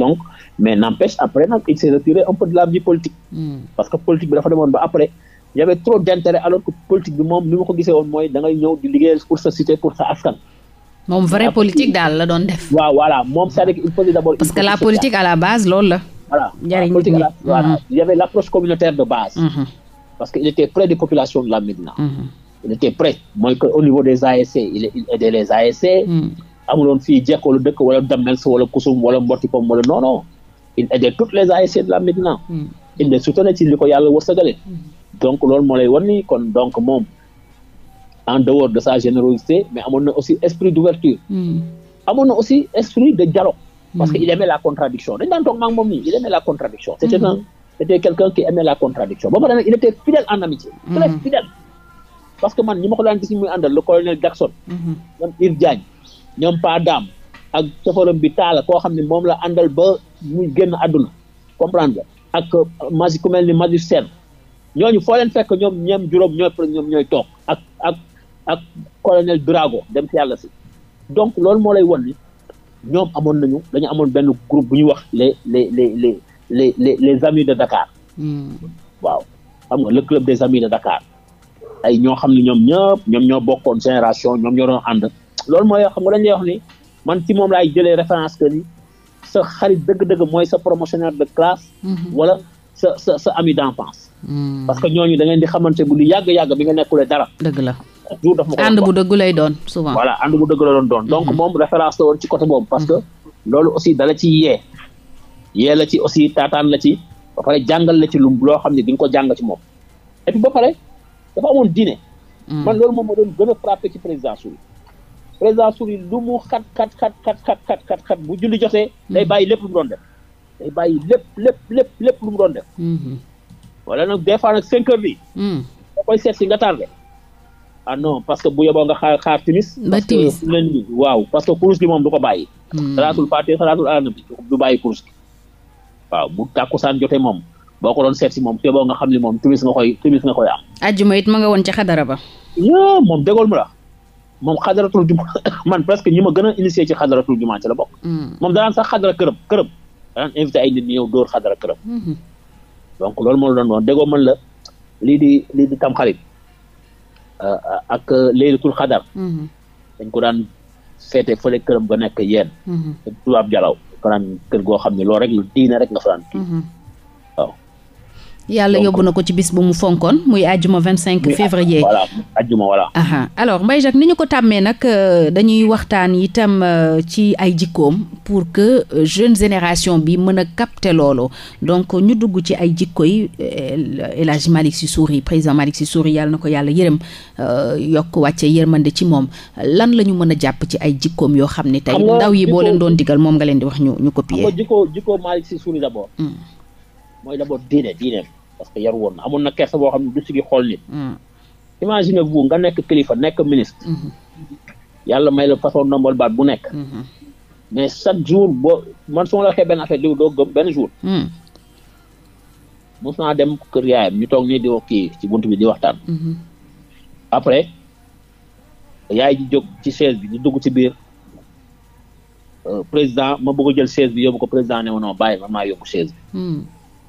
donc mais n'empêche après nag il s'est retiré un peu de la vie politique hmm. parce que politique bi dafa demoon ba après y trop d'intérêt alors que politique bi moom ni ma ko gisee woon mooy da ngay ñëw di liggéeyal pour sa cité pour sa askan moom vrai politique daal la doon def. waaw voilà moom parce que la politique à la base loolu la. voilà njëriñ politique à la voilà mm-hmm. il y l'approche communautaire de base. Mm-hmm. parce que il était près des populations de la Médina. Mm-hmm. il était près mooy que au niveau des ASC il il aidait ASC. amuloon fii jekkoolu dëkk wala Damels wala Kusum wala Mbotikpom wala non non il aidait toutes les ASC de la Médina. il les soutenait ci li ko yàlla wërsëgale. donc loolu moo lay wan donc moom. en dehors de sa générosité mais amoon na aussi esprit d'ouverture hmm. amoon na aussi esprit de dialogue parce que hmm. il aimait la contradiction dañ daan toog maa ngi moom nii il aimait la contradiction hmm. c'était un c'était quelqu'un qui aimait la contradiction ba pare nag il était fidèle en amitié parce que man ñi ma ko le colonel Jackson ñoom Ir Diagne ak safaram bi taala xam ne moom la àndal ba muy génn àdduna comprendre ak euh, magi ni Majib Sène ñooñu ak colonel Drago dem si yàlla si donc loolu moo lay won ni ñoom amoon nañu dañu amoon benn groupe bu ñuy wax le les les les les les les amis de Dakar. Hmm. waaw xam nga le club des amis de Dakar ay ñoo xam ne ñoom ñëpp ñoom ñoo bokkoon génération ñoom ñoo doon ànd loolu mooy xam nga dañ lay wax ni man ci moom laay jëlee référence que sa xarit dëgg-dëgg mooy sa promotionnaire de classe. Hmm. wala sa sa sa ami d'enfance. Hmm. parce que ñooñu da di xamante bu lu yàgg-yàgg bi nga nekkulee dara. dëgg la. toujours daf ma ko ànd bu lay doon souvent. voilà ànd bu dëgg la doon doon donc mm-hmm. moom référence woon ci côté boobu parce que loolu aussi dala ci yee yee ci aussi tataan la ci ba jàngal la ci lu loo xam ne di ko jàng ci moom ba pare dafa amoon diine. Mm. man loolu moom moo doon gën a frappé ci président Sow président Sow lu mu xat xat xat xat xat xat xat bu julli jotee mm. day bàyyi lépp lu mu lépp lépp lu mu doon def. Mm-hmm. wala nag des fois nag cinq bi. da mm. koy seet si nga tardé. ah non parce que bu yoboo nga xaar xaar timis ba timis parce que leen bi waaw parce que kurus gi moom du ko bàyyi hmm. salaatul faatee salaatul aana bi du bàyyi kurus gi waaw bu tàkkusaan jotee moom boo ko doon seet si moom su yoboo nga xam ne moom timis nga koy timis nga koy am ajjuma ma nga woon ca xadara ba yo moom dégool mu la moom xadaratul juma man que ñi ma gën a initié ci xadaratul juma ci la bokk hmm. moom danaan sax xadara këram këram danaan invité a nit ñi ñëw dóor xadara këram hmm. donc loolu moo la doon woon déggoo la lii di lii di tam xarit Euh, ak euh, laylatul xadar mm-hmm. dañ ko daan feete fële këram ga nekk yeen mm-hmm. tubaab jalaw fanaan kër goo xam ne loolu rek lu diine rek nga fanaan kii mm-hmm. yàlla yóbbu na ko ci bis ba mu fonkoon muy àjjuma 25 février voilà àjjuma voilà. aha alors Mbaye Jacques ni ñu ko tàmmee nag euh, dañuy waxtaan itam euh, ci ay jikkoom pour que euh, jeune génération bi mën a capter loolu donc ñu dugg ci ay jikko yi El Hadj Malick Sy Souris président Malick Sy Souris yàlla na ko yàlla yërëm yokk wàcce yërmande ci moom lan la ñu mën a jàpp ci ay jikkoom yoo xam ne tey ndaw yi boo leen doon digal moom nga leen di wax ñu ñu copier. jikko jikko Malick Sy Souris d'abord. Hmm. mooy parce que yar woon na amoon na kersa boo xam ne du sigi xool nit mm. imagine vous nga nekk kilifa nekk ministre mm-hmm. yàlla may la façon nombal baat bu nekk mm-hmm. mais chaque jour boo man su ma la waxee benn affaire doo benn jour mm. mos naa dem kër yaayam ñu toog nii di kii ci bunt bi di waxtaan mm-hmm. après yaay ji jóg ci chaise bi di dugg ci biir euh, président ma bëgg a jël chaise bi yóbbu ko président ne ma non bàyyi man maa yóbbu chaise bi mm.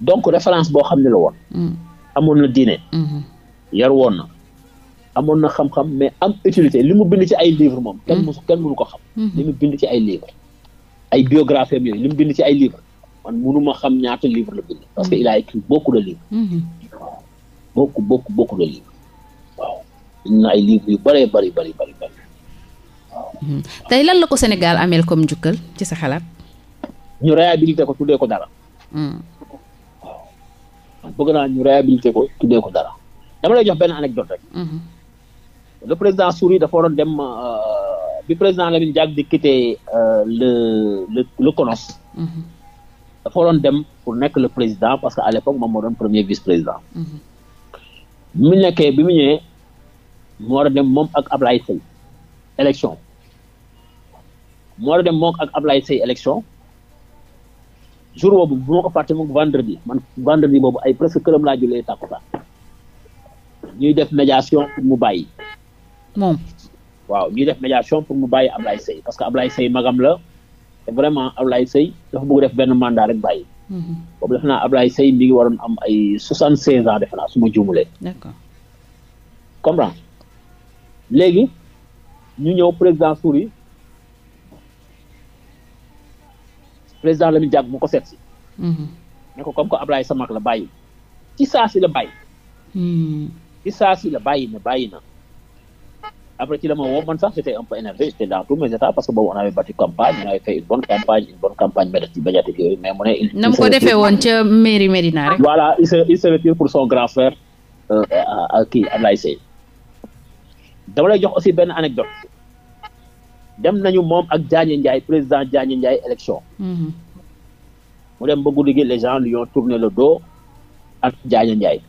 donc référence boo xam ne la woon. Mm. amoon na diine. Mm-hmm. yar woon na. amoon na xam-xam mais am utilité li mu bind ci ay livres moom. kenn mu mm. kenn mënu ko xam. Mm-hmm. li mu bind ci ay livres. ay biographie yooyu li mu bind ci ay livres man mënuma xam ñaata livres la bind. parce que mm. il a écrit beaucoup de livres. waaw mm-hmm. beaucoup beaucoup na ay livres yu bëree bëri bëri bëri bëri la ko Sénégal ameel comme njukkal ci sa xalaat. ñu réhabilité ko tuddee ko dara. bëgg naa ñu réhabilité ko tuddee ko dara dama lay jox benn anecdote rek. Mhm. le président Souris dafa waroon dem euh, bi président Lamine Diack di quitté euh, le le mhm. dafa waroon dem pour nekk le président parce que à l'époque moom moo doon premier vice président. Mhm. bi mu nekkee bi mu ñëwee mu war dem moom ak Ablaye Seye élection mu war a dem moom ak Ablaye Seye élection. jour boobu bu ma ko fàtte moom vendredi man vendredi boobu ay presque këram laa jullee tàkkusaan ñuy def médiation pour mu bàyyi. moom. waaw ñuy def médiation pour mu bàyyi Ablaye Seye parce que Ablaye Seye magam la te vraiment Ablaye Seye dafa bëgg def benn mandat rek bàyyi. Mhm. boobu def naa Ablaye Seye mi waroon am ay soixante seize ans def naa su ma juumulee. d'accord comprends léegi ñu ñëw président Souris président Lamine Diack mu ko seet si. Mhm. ko comme que Ablaye sa mag la bàyyi. ci saa la bàyyi. Hmm. ci saa la bàyyi na bàyyi na. après ci la ma woo man sax j'étais un peu énervé j'étais dans parce que boobu on avait battu campagne on avait fait une bonne campagne une bonne campagne métti ci médiatique yooyu mais mu ne. il na il se il se retire pour son grand frère. Euh, kii Ablaye Seye. dama lay jox aussi benn anecdote dem nañu moom ak Diagne Ndiaye président Diagne Ndiaye élection. Mhm. mu dem ba guddi gi les gens lui ont tourné le dos ak Diagne Ndiaye.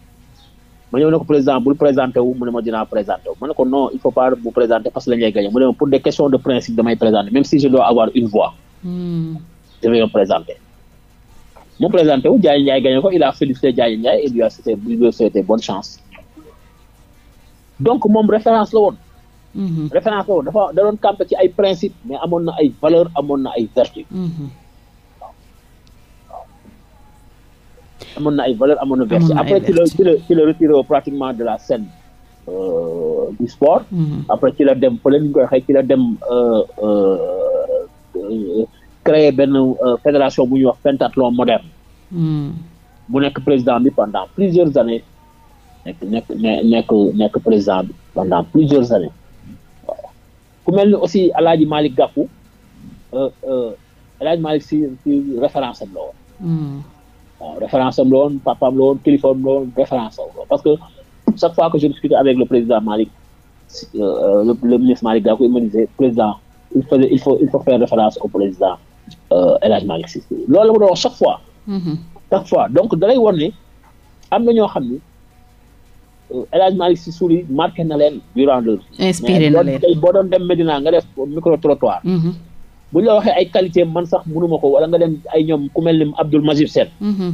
ma ñëw ne ko président bul présenté wu mu ne ma dinaa présenté wu ma ne ko non il faut pas bu présenter parce que lañ lay gagné mu ne ma pour des questions de principe damay présenter même si je dois avoir une voix. Mhm. je vais présenter. mu présenté wu Diagne Ndiaye gagné ko il a félicité Diagne Ndiaye et lui donc moom référence woon. Mm-hmm. référence boobu dafa da doon ci ay principe mais amoon na ay valeur amoon na ay vertu mm-hmm. na ay valeur amoon na vertu après ci la ci pratiquement de la scène euh, du sport mm-hmm. après ci la dem fële ni dem euh, euh, créer benn fédération bu ñuy wax pentathlon moderne mu nekk président bi pendant plusieurs années nekk nekk nekk nekk président bi pendant plusieurs années ku mel ni aussi El Hadj Malick Gakou euh, euh, si si référence am la woon. Hmm. waaw référence am la woon papaam la woon am la parce que chaque fois que je discutais avec le président Malick euh, le, ministre Malick Gakou il me disait président il faut faire référence au président El Hadj Malick Sy loolu la ma doon wax chaque fois. Hmm. chaque fois donc da lay wan am na ñoo xam El Hadj Malick Sy Souly marqué na leen durant leur vie. inspiré na leen mais boo doon dem Medina nga def micro trottoir. Mhm. bu ñu la waxee ay qualité man sax a ko wala nga dem ay ñoom ku mel ni Abdoul Majib Sène mhm.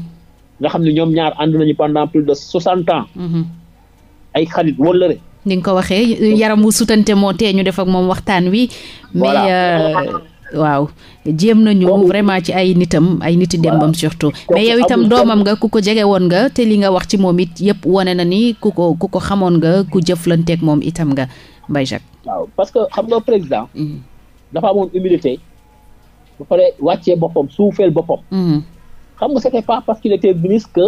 nga xam ne ñoom ñaar ànd nañu pendant plus de soixante ans. Mhm. ay xarit wëllëre. ni nga waxee yaram wu sutante moo tee ñu moom waxtaan wi. mais. Euh, waaw jéem nañu vraiment ci ay nitam ay niti dembam surtout mais yow itam doomam nga ku ko jege woon nga te li nga wax ci moom it yëpp wane na ni ku ko ku ko xamoon nga ku jëflanteeg moom itam nga Mbaye Jacques parce que xam nga président mm. dafa amoon humilité bu pare wàccee boppam suufeel boppam mm. xam nga c'était pas parce qu'il était ministre que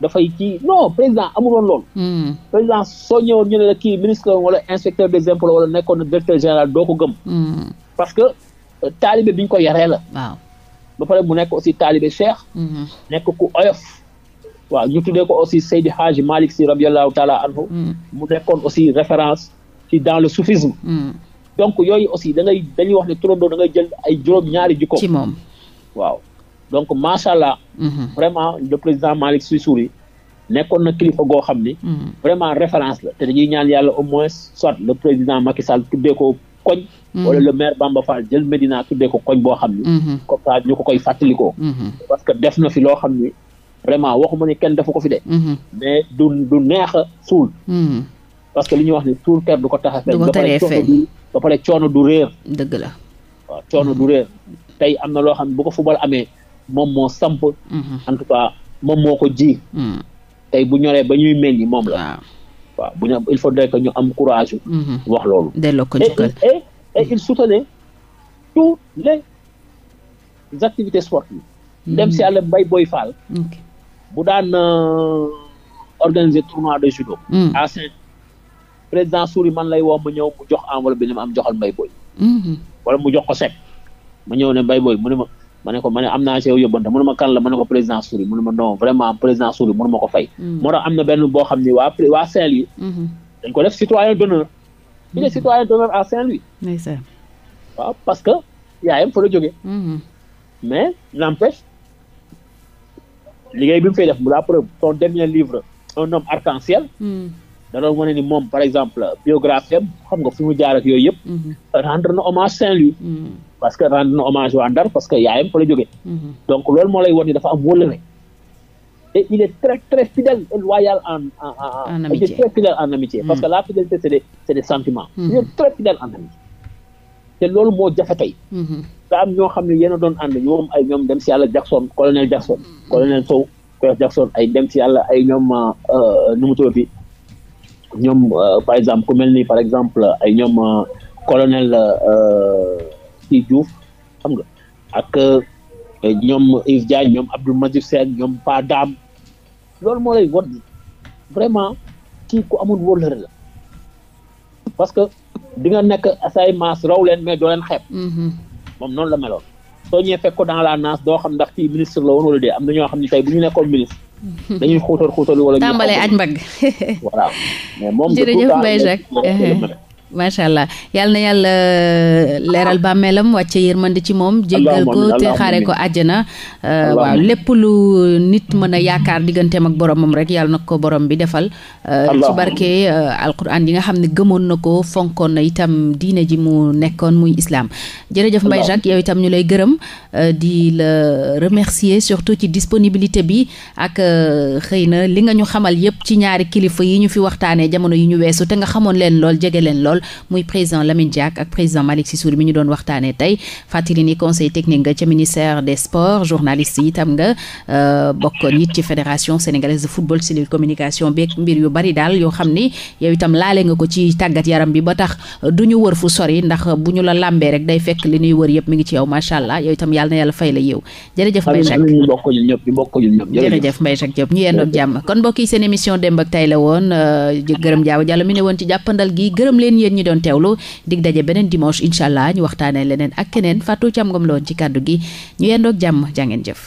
dafay kii non président amuloon loolu mm. président soo ñëwoon ñu ne la kii ministre wala inspecteur des wala nekkoon directeur général doo ko gëm taalibe bi ñu ko yaree la. ba pare mu nekk aussi taalibe cheikh. Mhm. nekk ku oyof. waaw ñu tuddee ko aussi Seydi Hadji Malick si radiallahu taala anhu mhm. mu nekkoon aussi référence ci dans le soufisme mhm. donc yooyu aussi da ngay dañuy wax ne turandoo da ngay jël ay juróom ñaari jikko ci moom waaw donc macha allah. vraiment le président Malick Sy Souris nekkoon na kilifa goo xam ni vraiment référence la te dañuy ñaan au moins soit le président Macky Sall koñ. Mm-hmm. wala le maire Bamba Fall jël Medina tuddee ko koñ boo xam ni. Mm-hmm. comme ça ñu ko koy fàttalikoo. Mm-hmm. parce que def na fi loo xam ni vraiment waxuma ni kenn defu ko fi de. mais du du neex a suul. parce que li ñuy wax ni suul ker du ko tax a feeñ. du ko teree ba pare coono du réer. dëgg la waaw coono du tey am na loo xam ne bu ko football amee moom moo samp. en tout cas moom moo ko ji. tey bu ñoree ba ñuy meññ moom la. waaw bu ñu am il faudrait que ñu am courage. Mhm. wax loolu. delloo ko njukkal et et il soutenait toutes les activités sportives. Mhm. dem si àll Mbaye Boy Fall. bu daan euh, organiser tournoi de judo. Mhm. à président Souris man lay woo ma ñëw mu jox enveloppe bi ni ma am joxal Mbaye Boy. wala mu jox ko sec ma ñëw ne Mbaye Boy mu ne ma. mane ko ma am naa ci yow yóbbante mënu ma kan la ko président Souris mënu ma non vraiment président Souris mënu ma ko fay. Hmm. moo am na benn boo xam ni wa waa Saint-Louis. Hmm. dañ ko def citoyen d'honneur. Hmm. parce que yaayam fa la jógee. mais n'empêche liggéey bi mu fay def mu la preuve son dernier livre un homme arc moom par exemple biographie am xam nga fi mu jaar ak yooyu yëpp. rendre na hommage Saint-Louis. parce que rendre na hommage waa Ndar parce que yaayam fa la jógee. Mhm. donc loolu moo lay won ni dafa am wóllëre. et il est très très fidèle et loyal en amitié mhm. parce que la fidélité c' est des mhm. il est très fidèle en amitié. te loolu moo jafe tey. nga ñoo xam ne yéen a doon ñoom ay ñoom dem si Jackson colonel Jackson. colonel Sow colonel ay ñoom euh, nu mu ñoom euh, par exemple ku mel par exemple ay ñoom euh, colonel. kii Diouf xam nga ak eh, ñoom Yves Diagne ñoom Abdou Majid Sène ñoom Pa Dam loolu moo lay won vraiment kii ku amul wóllëre la parce que di nga nekk say maas raw leen mais doo leen xeeb mm-hmm. moom noonu la meloon soo ñëwee fekk ko la naas doo xam ndax kii ministre la woon wala dee am na ñoo xam ne tey bu ñu nekkoon ministre mm-hmm. dañuy xuutal xuutal wala tàmbalee aj mbagg moom jërëjëf Mbaye Jacques macha allah yal na yàlla uh, leeral bàmmeelam wàcce yërmande ci moom jéggal ko te xaare ko àjjana uh, waaw lépp lu nit mën a yaakaar digganteem ak boromam rek yàlla nag ko borom bi defal uh, ci barke alquran yi nga xam ne gëmoon na ko fonkoon na itam diine ji mu nekkoon muy islam jërëjëf Mbaye Jacques yow itam ñu lay gërëm di la remercier surtout ci disponibilité bi ak xëy na li nga ñu xamal yépp ci ñaari kilifa yi ñu fi waxtaanee jamono yi ñu weesu te nga xamoon leen lool jege leen lool muy président Lamine Diack ak président Malick Sissour mi ñu doon waxtaanee tey fàttali ni conseil technique nga ca ministère des sports journaliste yi nga euh, bokkoon it ci fédération sénégalaise de football cellule communication beeg mbir yu bari daal yoo xam ni yow itam laale nga ko ci tàggat yaram bi ba tax euh, du ñu wër fu sori ndax bu ñu la làmbee rek day fekk li ñuy wër yëpp mu ngi ci yow macha allah yow itam yàlla fay la yow jërëjëf Mbaye Jacques ñu bokk ñun ñëpp ñu bokk ñun yéen ñi doon teewlu dig daje beneen dimanche incha allah ñu waxtaanee leneen ak keneen fattu Thiam Ngom la woon ci kàddu gi ñu yendoog jàmm jàngeen jëf